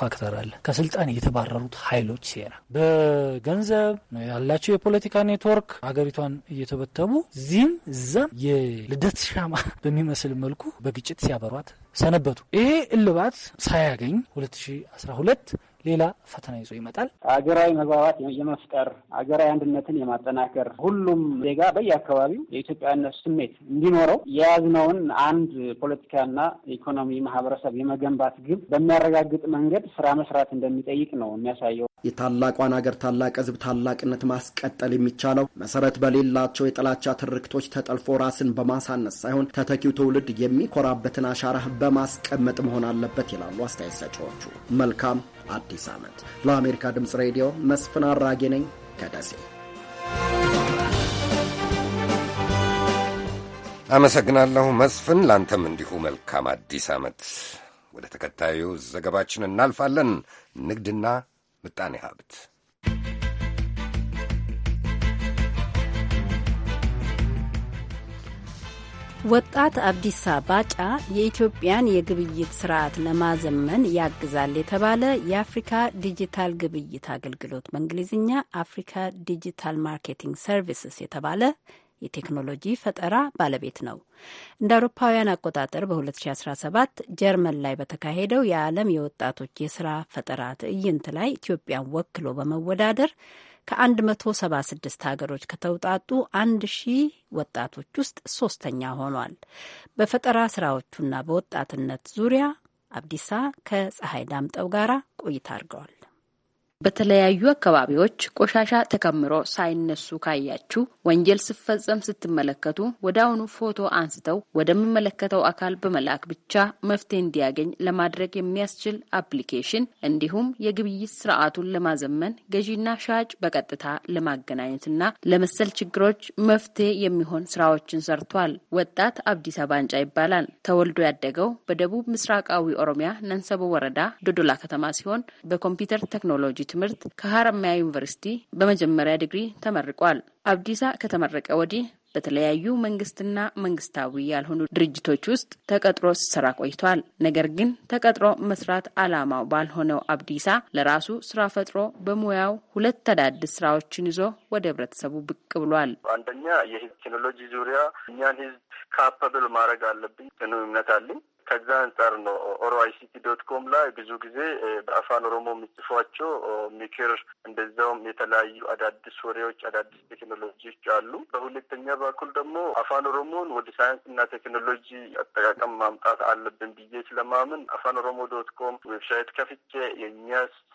ፋክተር አለ። ከስልጣን የተባረሩት ኃይሎች ሴራ በገንዘብ ያላቸው የፖለቲካ ኔትወርክ ሀገሪቷን እየተበተቡ ዚህም እዛም የልደት ሻማ በሚመስል መልኩ በግጭት ሲያበሯት ሰነበቱ። ይሄ እልባት ሳያገኝ 2012 ሌላ ፈተና ይዞ ይመጣል። ሀገራዊ መግባባት የመፍጠር ሀገራዊ አንድነትን የማጠናከር ሁሉም ዜጋ በየአካባቢው የኢትዮጵያነት ስሜት እንዲኖረው የያዝነውን አንድ ፖለቲካና ኢኮኖሚ ማህበረሰብ የመገንባት ግብ በሚያረጋግጥ መንገድ ስራ መስራት እንደሚጠይቅ ነው የሚያሳየው። የታላቋን አገር ታላቅ ህዝብ ታላቅነት ማስቀጠል የሚቻለው መሰረት በሌላቸው የጥላቻ ትርክቶች ተጠልፎ ራስን በማሳነስ ሳይሆን ተተኪው ትውልድ የሚኮራበትን አሻራ በማስቀመጥ መሆን አለበት ይላሉ አስተያየት ሰጪዎቹ። መልካም አዲስ ዓመት። ለአሜሪካ ድምፅ ሬዲዮ መስፍን አራጌ ነኝ ከደሴ። አመሰግናለሁ መስፍን፣ ላንተም እንዲሁ መልካም አዲስ ዓመት። ወደ ተከታዩ ዘገባችን እናልፋለን። ንግድና ምጣኔ ሀብት ወጣት አብዲሳ ባጫ የኢትዮጵያን የግብይት ስርዓት ለማዘመን ያግዛል የተባለ የአፍሪካ ዲጂታል ግብይት አገልግሎት በእንግሊዝኛ አፍሪካ ዲጂታል ማርኬቲንግ ሰርቪስስ የተባለ የቴክኖሎጂ ፈጠራ ባለቤት ነው። እንደ አውሮፓውያን አቆጣጠር በ2017 ጀርመን ላይ በተካሄደው የዓለም የወጣቶች የስራ ፈጠራ ትዕይንት ላይ ኢትዮጵያን ወክሎ በመወዳደር ከ176 ሀገሮች ከተውጣጡ 1000 ወጣቶች ውስጥ ሶስተኛ ሆኗል። በፈጠራ ስራዎቹና በወጣትነት ዙሪያ አብዲሳ ከፀሐይ ዳምጠው ጋር ቆይታ አድርገዋል። በተለያዩ አካባቢዎች ቆሻሻ ተከምሮ ሳይነሱ ካያችሁ ወንጀል ስፈጸም ስትመለከቱ ወደ አሁኑ ፎቶ አንስተው ወደሚመለከተው አካል በመላክ ብቻ መፍትሄ እንዲያገኝ ለማድረግ የሚያስችል አፕሊኬሽን እንዲሁም የግብይት ስርዓቱን ለማዘመን ገዢና ሻጭ በቀጥታ ለማገናኘትና ለመሰል ችግሮች መፍትሄ የሚሆን ስራዎችን ሰርቷል። ወጣት አብዲስ አባንጫ ይባላል። ተወልዶ ያደገው በደቡብ ምስራቃዊ ኦሮሚያ ነንሰቦ ወረዳ ዶዶላ ከተማ ሲሆን በኮምፒውተር ቴክኖሎጂ ትምህርት ከሀረማያ ዩኒቨርሲቲ በመጀመሪያ ዲግሪ ተመርቋል። አብዲሳ ከተመረቀ ወዲህ በተለያዩ መንግስትና መንግስታዊ ያልሆኑ ድርጅቶች ውስጥ ተቀጥሮ ስራ ቆይቷል። ነገር ግን ተቀጥሮ መስራት አላማው ባልሆነው አብዲሳ ለራሱ ስራ ፈጥሮ በሙያው ሁለት አዳዲስ ስራዎችን ይዞ ወደ ህብረተሰቡ ብቅ ብሏል። አንደኛ ቴክኖሎጂ ዙሪያ እኛን ህዝብ ካፐብል ማድረግ አለብኝ ጽኑ እምነት አለኝ። ከዛ አንጻር ነው ኦሮ አይሲቲ ዶት ኮም ላይ ብዙ ጊዜ በአፋን ኦሮሞ የሚጽፏቸው ምክር፣ እንደዛውም የተለያዩ አዳዲስ ወሬዎች፣ አዳዲስ ቴክኖሎጂዎች አሉ። በሁለተኛ በኩል ደግሞ አፋን ኦሮሞን ወደ ሳይንስና ቴክኖሎጂ አጠቃቀም ማምጣት አለብን ብዬ ስለማምን አፋን ኦሮሞ ዶት ኮም ዌብሳይት ከፍቼ የእኛ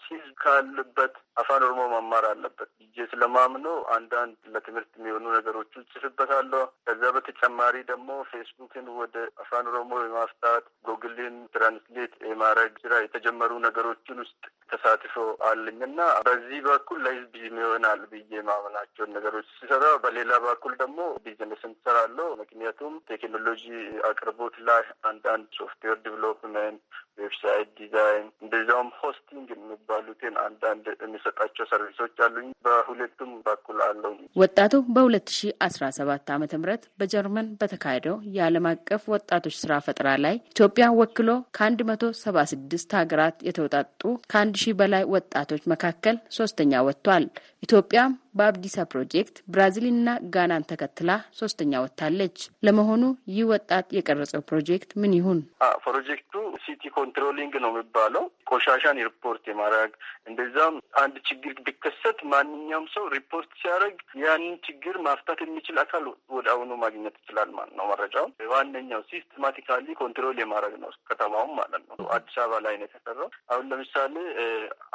ህዝብ ካለበት አፋን ኦሮሞ መማር አለበት ብዬ ስለማምኖ አንዳንድ ለትምህርት የሚሆኑ ነገሮችን ጽፍበታለሁ። ከዛ በተጨማሪ ደግሞ ፌስቡክን ወደ አፋን ኦሮሞ የማፍታት ጎግልን ትራንስሌት የማድረግ ስራ የተጀመሩ ነገሮችን ውስጥ ተሳትፎ አለኝ እና በዚህ በኩል ለህዝብ ይሆናል ብዬ ማመናቸውን ነገሮች ሲሰራ፣ በሌላ በኩል ደግሞ ቢዝነስ ሰራለሁ። ምክንያቱም ቴክኖሎጂ አቅርቦት ላይ አንዳንድ ሶፍትዌር ዲቨሎፕመንት ዌብሳይት ዲዛይን፣ እንደዚያውም ሆስቲንግ የሚባሉትን አንዳንድ የሚሰጣቸው ሰርቪሶች አሉኝ። በሁለቱም በኩል አለው። ወጣቱ በሁለት ሺ አስራ ሰባት ዓመተ ምህረት በጀርመን በተካሄደው የዓለም አቀፍ ወጣቶች ስራ ፈጠራ ላይ ኢትዮጵያ ወክሎ ከአንድ መቶ ሰባ ስድስት ሀገራት የተውጣጡ ከአንድ ሺህ በላይ ወጣቶች መካከል ሶስተኛ ወጥቷል። ኢትዮጵያም በአብዲሳ ፕሮጀክት ብራዚልና ጋናን ተከትላ ሶስተኛ ወጥታለች። ለመሆኑ ይህ ወጣት የቀረጸው ፕሮጀክት ምን ይሁን? ፕሮጀክቱ ሲቲ ኮንትሮሊንግ ነው የሚባለው። ቆሻሻን ሪፖርት የማድረግ እንደዛም አንድ ችግር ቢከሰት ማንኛውም ሰው ሪፖርት ሲያደርግ ያንን ችግር ማፍታት የሚችል አካል ወደ አሁኑ ማግኘት ይችላል ማለት ነው። መረጃው ዋነኛው ሲስተማቲካሊ ኮንትሮል የማድረግ ነው፣ ከተማውም ማለት ነው። አዲስ አበባ ላይ ነው የተሰራው። አሁን ለምሳሌ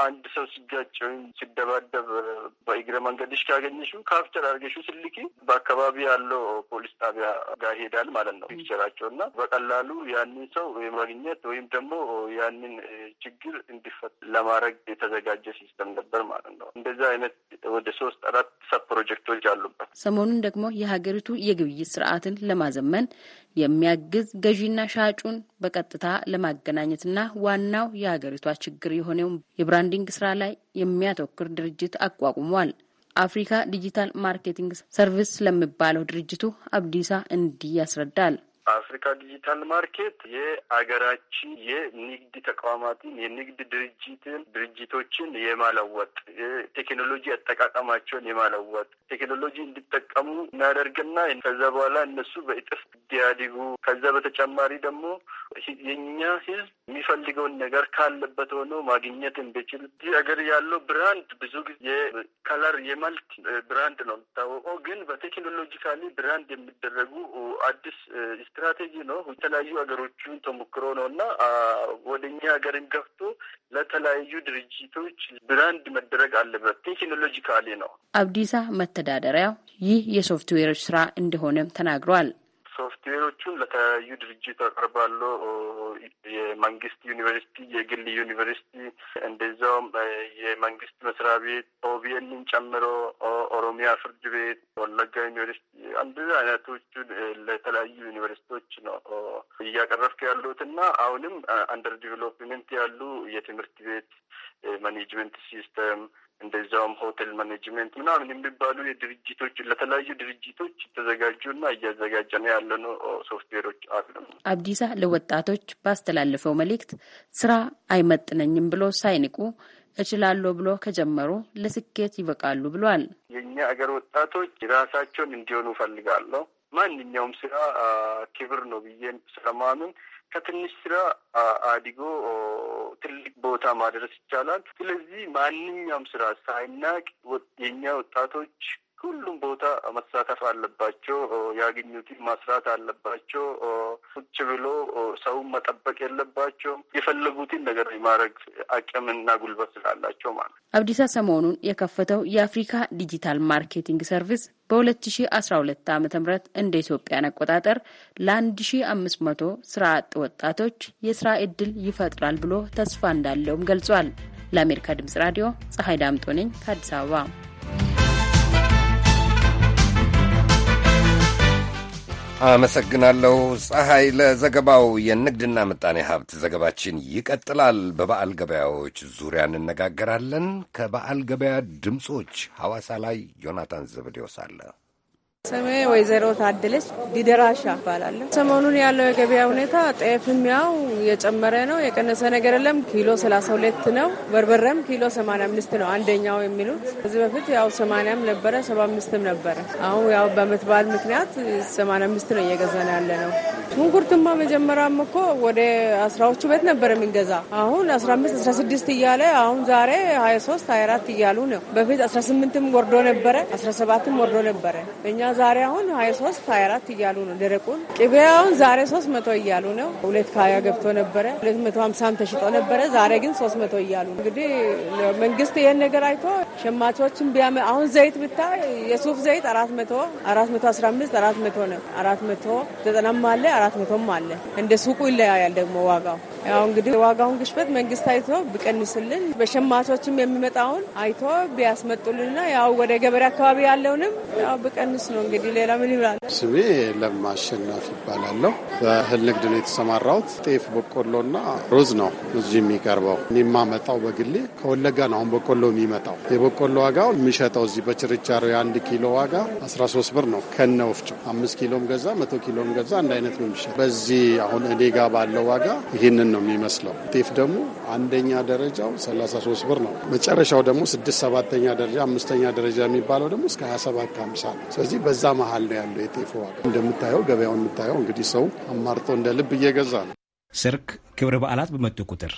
አንድ ሰው ሲጋጭ ወይም ሲደባደብ በእግረ መንገድሽ ካገኘሽ ካፕቸር አድርገሽ ስልኪ በአካባቢ ያለው ፖሊስ ጣቢያ ጋር ይሄዳል ማለት ነው ፒክቸራቸው እና በቀላሉ ያንን ሰው ማግኘት ወይም ደግሞ ያንን ችግር እንዲፈት ለማድረግ የተዘጋጀ ሲስተም ነበር ማለት ነው። እንደዚ አይነት ወደ ሶስት አራት ሰብ ፕሮጀክቶች አሉበት። ሰሞኑን ደግሞ የሀገሪቱ የግብይት ስርዓትን ለማዘመን የሚያግዝ ገዢና ሻጩን በቀጥታ ለማገናኘትና ዋናው የሀገሪቷ ችግር የሆነውን የብራንዲንግ ስራ ላይ የሚያተኩር ድርጅት አቋቁሟል። አፍሪካ ዲጂታል ማርኬቲንግ ሰርቪስ ለሚባለው ድርጅቱ አብዲሳ እንዲህ ያስረዳል። አፍሪካ ዲጂታል ማርኬት የአገራችን የንግድ ተቋማትን የንግድ ድርጅትን ድርጅቶችን የማለወጥ ቴክኖሎጂ አጠቃቀማቸውን የማለወጥ ቴክኖሎጂ እንዲጠቀሙ እናደርግና ከዛ በኋላ እነሱ በእጥፍ እንዲያድጉ ከዛ በተጨማሪ ደግሞ የኛ ሕዝብ የሚፈልገውን ነገር ካለበት ሆኖ ማግኘት እንዲችል እዚህ ሀገር ያለው ብራንድ ብዙ ጊዜ የከለር የመልክ ብራንድ ነው የሚታወቀው። ግን በቴክኖሎጂካሊ ብራንድ የሚደረጉ አዲስ ስትራቴጂ ነው። የተለያዩ ሀገሮችን ተሞክሮ ነው እና ወደ እኛ ሀገርን ገፍቶ ለተለያዩ ድርጅቶች ብራንድ መደረግ አለበት። ቴክኖሎጂካሊ ነው። አብዲሳ መተዳደሪያው ይህ የሶፍትዌሮች ስራ እንደሆነም ተናግረዋል። ሶፍትዌሮቹን ለተለያዩ ድርጅት አቀርባሉ። የመንግስት ዩኒቨርሲቲ፣ የግል ዩኒቨርሲቲ እንደዚያውም የመንግስት መስሪያ ቤት ኦቢኤንን ጨምሮ ኦሮሚያ ፍርድ ቤት፣ ወለጋ ዩኒቨርሲቲ እንደዚህ አይነቶቹን ለተለያዩ ዩኒቨርሲቲዎች ነው እያቀረብክ ያሉት እና አሁንም አንደር ዲቨሎፕመንት ያሉ የትምህርት ቤት ማኔጅመንት ሲስተም እንደዚያውም ሆቴል ማኔጅመንት ምናምን የሚባሉ የድርጅቶች ለተለያዩ ድርጅቶች ተዘጋጁና እያዘጋጀን ያለኑ ሶፍትዌሮች አሉ። አብዲሳ ለወጣቶች ባስተላለፈው መልእክት ስራ አይመጥነኝም ብሎ ሳይንቁ እችላለሁ ብሎ ከጀመሩ ለስኬት ይበቃሉ ብሏል። የእኛ አገር ወጣቶች ራሳቸውን እንዲሆኑ ፈልጋለሁ። ማንኛውም ስራ ክብር ነው ብዬ ስለማምን ከትንሽ ስራ አድጎ ትልቅ ቦታ ማድረስ ይቻላል። ስለዚህ ማንኛውም ስራ ሳይናቅ የኛ ወጣቶች ሁሉም ቦታ መሳተፍ አለባቸው። ያገኙትን ማስራት አለባቸው። ቁጭ ብሎ ሰውን መጠበቅ የለባቸው። የፈለጉትን ነገር የማድረግ አቅምና ጉልበት ስላላቸው ማለት ነው። አብዲሳ ሰሞኑን የከፈተው የአፍሪካ ዲጂታል ማርኬቲንግ ሰርቪስ በ2012 ዓ ም እንደ ኢትዮጵያን አቆጣጠር ለ1500 ስራ አጥ ወጣቶች የስራ እድል ይፈጥራል ብሎ ተስፋ እንዳለውም ገልጿል። ለአሜሪካ ድምጽ ራዲዮ ፀሐይ ዳምጦ ነኝ ከአዲስ አበባ አመሰግናለሁ ፀሐይ ለዘገባው። የንግድና ምጣኔ ሀብት ዘገባችን ይቀጥላል። በበዓል ገበያዎች ዙሪያ እንነጋገራለን። ከበዓል ገበያ ድምፆች ሐዋሳ ላይ ዮናታን ዘብዴዎስ አለ። ስሜ ወይዘሮ ታደለች ዲደራሻ እባላለሁ። ሰሞኑን ያለው የገበያ ሁኔታ ጤፍም ያው የጨመረ ነው፣ የቀነሰ ነገር የለም። ኪሎ 32 ነው። በርበረም ኪሎ 85 ነው አንደኛው የሚሉት። ከዚህ በፊት ያው 80ም ነበረ 75ም ነበረ። አሁን ያው በምትባል ምክንያት 85 ነው እየገዛን ያለ ነው። ሽንኩርትማ መጀመሪያም እኮ ወደ አስራዎቹ ቤት ነበር የምንገዛ። አሁን 15 16 እያለ አሁን ዛሬ 23 24 እያሉ ነው። በፊት 18ም ወርዶ ነበረ 17ም ወርዶ ነበረ እኛ ዛሬ አሁን ሀያ ሶስት ሀያ አራት እያሉ ነው። ደረቁን ቅቤ አሁን ዛሬ ሶስት መቶ እያሉ ነው። ሁለት ከሀያ ገብቶ ነበረ፣ ሁለት መቶ ሀምሳም ተሽጦ ነበረ። ዛሬ ግን ሶስት መቶ እያሉ ነው። እንግዲህ መንግስት ይህን ነገር አይቶ ሸማቾችን ቢያመ አሁን ዘይት ብታ የሱፍ ዘይት አራት መቶ አራት መቶ አስራ አምስት አራት መቶ ነው። አራት መቶ ዘጠናም አለ አራት መቶም አለ። እንደ ሱቁ ይለያያል ደግሞ ዋጋው። ያው እንግዲህ ዋጋውን ግሽበት መንግስት አይቶ ቢቀንስልን በሸማቾችም የሚመጣውን አይቶ ቢያስመጡልንና ያው ወደ ገበሬ አካባቢ ያለውንም ያው ቢቀንስ ነው ነው እንግዲህ ሌላ ምን ይብላል። ስሜ ለማ አሸናፊ ይባላለሁ። በእህል ንግድ ነው የተሰማራሁት። ጤፍ፣ በቆሎና ሩዝ ነው እዚህ የሚቀርበው። የማመጣው በግሌ ከወለጋ ነው። አሁን በቆሎ የሚመጣው የበቆሎ ዋጋ የሚሸጠው እዚህ በችርቻሮ የአንድ ኪሎ ዋጋ 13 ብር ነው ከነ ወፍጮ። አምስት ኪሎም ገዛ መቶ ኪሎም ገዛ አንድ አይነት ነው የሚሸጥ። በዚህ አሁን እኔ ባለው ዋጋ ይህንን ነው የሚመስለው። ጤፍ ደግሞ አንደኛ ደረጃው 33 ብር ነው። መጨረሻው ደግሞ ስድስት ሰባተኛ ደረጃ አምስተኛ ደረጃ የሚባለው ደግሞ እስከ 27 50 ነው። ስለዚህ በዛ መሀል ነው ያለው የጤፍ ዋጋ። እንደምታየው ገበያው የምታየው እንግዲህ ሰው አማርጦ እንደ ልብ እየገዛ ነው። ስርክ ክብረ በዓላት በመጡ ቁጥር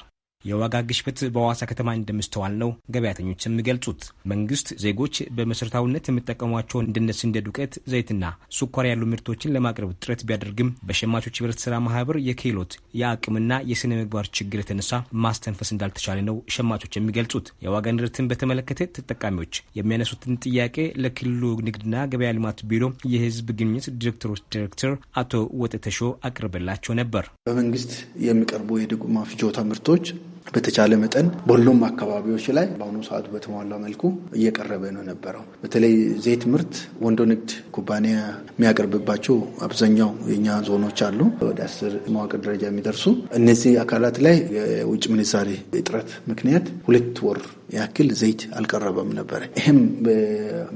የዋጋ ግሽበት በሐዋሳ ከተማ እንደሚስተዋል ነው ገበያተኞች የሚገልጹት። መንግስት ዜጎች በመሰረታዊነት የሚጠቀሟቸውን እንድነስ እንደ ዱቄት፣ ዘይትና ስኳር ያሉ ምርቶችን ለማቅረብ ጥረት ቢያደርግም በሸማቾች ህብረት ስራ ማህበር የክህሎት የአቅምና የስነ ምግባር ችግር የተነሳ ማስተንፈስ እንዳልተቻለ ነው ሸማቾች የሚገልጹት። የዋጋ ንረትን በተመለከተ ተጠቃሚዎች የሚያነሱትን ጥያቄ ለክልሉ ንግድና ገበያ ልማት ቢሮ የህዝብ ግንኙነት ዲሬክተሮች ዲሬክተር አቶ ወጠተሾ አቅርበላቸው ነበር። በመንግስት የሚቀርቡ የድጎማ ፍጆታ ምርቶች በተቻለ መጠን በሁሉም አካባቢዎች ላይ በአሁኑ ሰዓት በተሟላ መልኩ እየቀረበ ነው የነበረው። በተለይ ዘይት ምርት ወንዶ ንግድ ኩባንያ የሚያቀርብባቸው አብዛኛው የኛ ዞኖች አሉ፣ ወደ አስር መዋቅር ደረጃ የሚደርሱ እነዚህ አካላት ላይ የውጭ ምንዛሬ እጥረት ምክንያት ሁለት ወር ያክል ዘይት አልቀረበም ነበረ። ይህም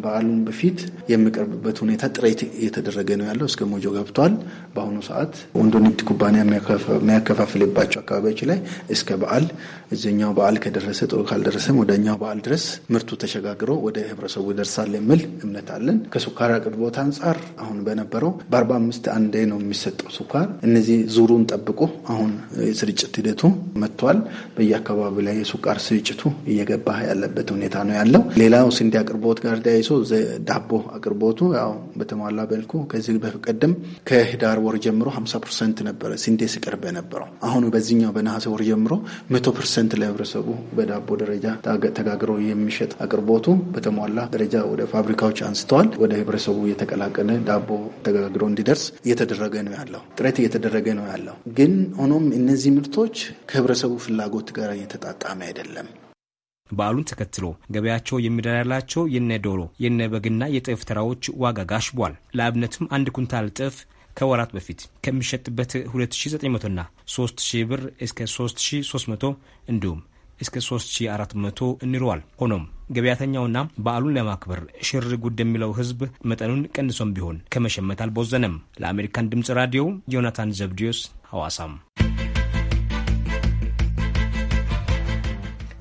በዓሉን በፊት የሚቀርብበት ሁኔታ ጥረት እየተደረገ ነው ያለው። እስከ ሞጆ ገብቷል። በአሁኑ ሰዓት ወንዶ ንግድ ኩባንያ የሚያከፋፍልባቸው አካባቢዎች ላይ እስከ በዓል እዚኛው በዓል ከደረሰ ጥሩ ካልደረሰም ወደኛው በዓል ድረስ ምርቱ ተሸጋግሮ ወደ ህብረተሰቡ ይደርሳል የሚል እምነት አለን። ከሱካር አቅርቦት አንጻር አሁን በነበረው በአርባ አምስት አንዴ ነው የሚሰጠው ሱካር። እነዚህ ዙሩን ጠብቆ አሁን የስርጭት ሂደቱ መጥቷል። በየአካባቢው ላይ የሱካር ስርጭቱ እየገባ እየገባ ያለበት ሁኔታ ነው ያለው። ሌላው ስንዴ አቅርቦት ጋር ተያይዞ ዳቦ አቅርቦቱ ያው በተሟላ በልኩ ከዚህ በቀደም ከህዳር ወር ጀምሮ 50 ፐርሰንት ነበረ ስንዴ ሲቀርብ የነበረው አሁን በዚህኛው በነሐሴ ወር ጀምሮ መቶ ፐርሰንት ለህብረተሰቡ በዳቦ ደረጃ ተጋግሮ የሚሸጥ አቅርቦቱ በተሟላ ደረጃ ወደ ፋብሪካዎች አንስተዋል። ወደ ህብረተሰቡ የተቀላቀለ ዳቦ ተጋግሮ እንዲደርስ እየተደረገ ነው ያለው ጥረት እየተደረገ ነው ያለው። ግን ሆኖም እነዚህ ምርቶች ከህብረተሰቡ ፍላጎት ጋር እየተጣጣመ አይደለም። በዓሉን ተከትሎ ገበያቸው የሚደራላቸው የነ ዶሮ የነ በግና የጤፍ ተራዎች ዋጋ ጋሽቧል። ለአብነትም አንድ ኩንታል ጤፍ ከወራት በፊት ከሚሸጥበት 2900ና 3000 ብር እስከ 3300 እንዲሁም እስከ 3400 እንረዋል። ሆኖም ገበያተኛውና በዓሉን ለማክበር ሽር ጉድ የሚለው ሕዝብ መጠኑን ቀንሶም ቢሆን ከመሸመት አልቦዘነም። ለአሜሪካን ድምፅ ራዲዮ ዮናታን ዘብድዮስ ሐዋሳም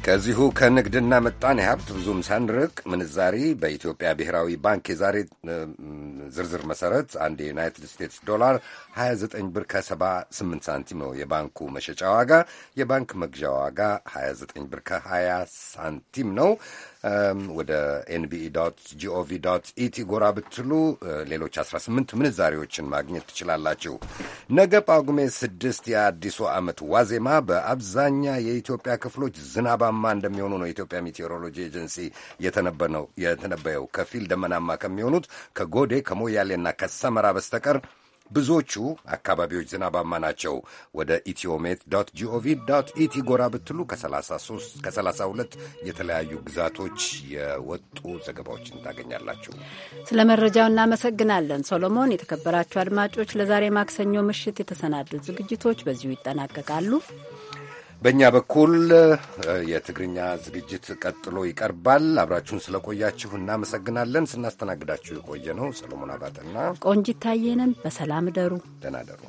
ከዚሁ ከንግድና ምጣኔ ሀብት ብዙም ሳንርቅ ምንዛሪ በኢትዮጵያ ብሔራዊ ባንክ የዛሬ ዝርዝር መሰረት አንድ የዩናይትድ ስቴትስ ዶላር 29 ብር ከ78 ሳንቲም ነው የባንኩ መሸጫ ዋጋ። የባንክ መግዣ ዋጋ 29 ብር ከ20 ሳንቲም ነው። ወደ ኤንቢኢ ጂኦቪ ኢቲ ጎራ ብትሉ ሌሎች 18 ምንዛሬዎችን ማግኘት ትችላላችሁ። ነገ ጳጉሜ 6 የአዲሱ ዓመት ዋዜማ በአብዛኛ የኢትዮጵያ ክፍሎች ዝናባማ እንደሚሆኑ ነው የኢትዮጵያ ሜቴሮሎጂ ኤጀንሲ የተነበየው። ከፊል ደመናማ ከሚሆኑት ከጎዴ ከሞያሌና ከሰመራ በስተቀር ብዙዎቹ አካባቢዎች ዝናባማ ናቸው። ወደ ኢትዮሜት ዶት ጂኦቪ ዶት ኢቲ ጎራ ብትሉ ከ32 የተለያዩ ግዛቶች የወጡ ዘገባዎችን ታገኛላችሁ። ስለ መረጃው እናመሰግናለን ሶሎሞን። የተከበራችሁ አድማጮች ለዛሬ ማክሰኞ ምሽት የተሰናዱት ዝግጅቶች በዚሁ ይጠናቀቃሉ። በእኛ በኩል የትግርኛ ዝግጅት ቀጥሎ ይቀርባል። አብራችሁን ስለቆያችሁ እናመሰግናለን። ስናስተናግዳችሁ የቆየ ነው ሰሎሞን አባተና ቆንጂት ታየ በሰላም ደሩ። ደህና ደሩ።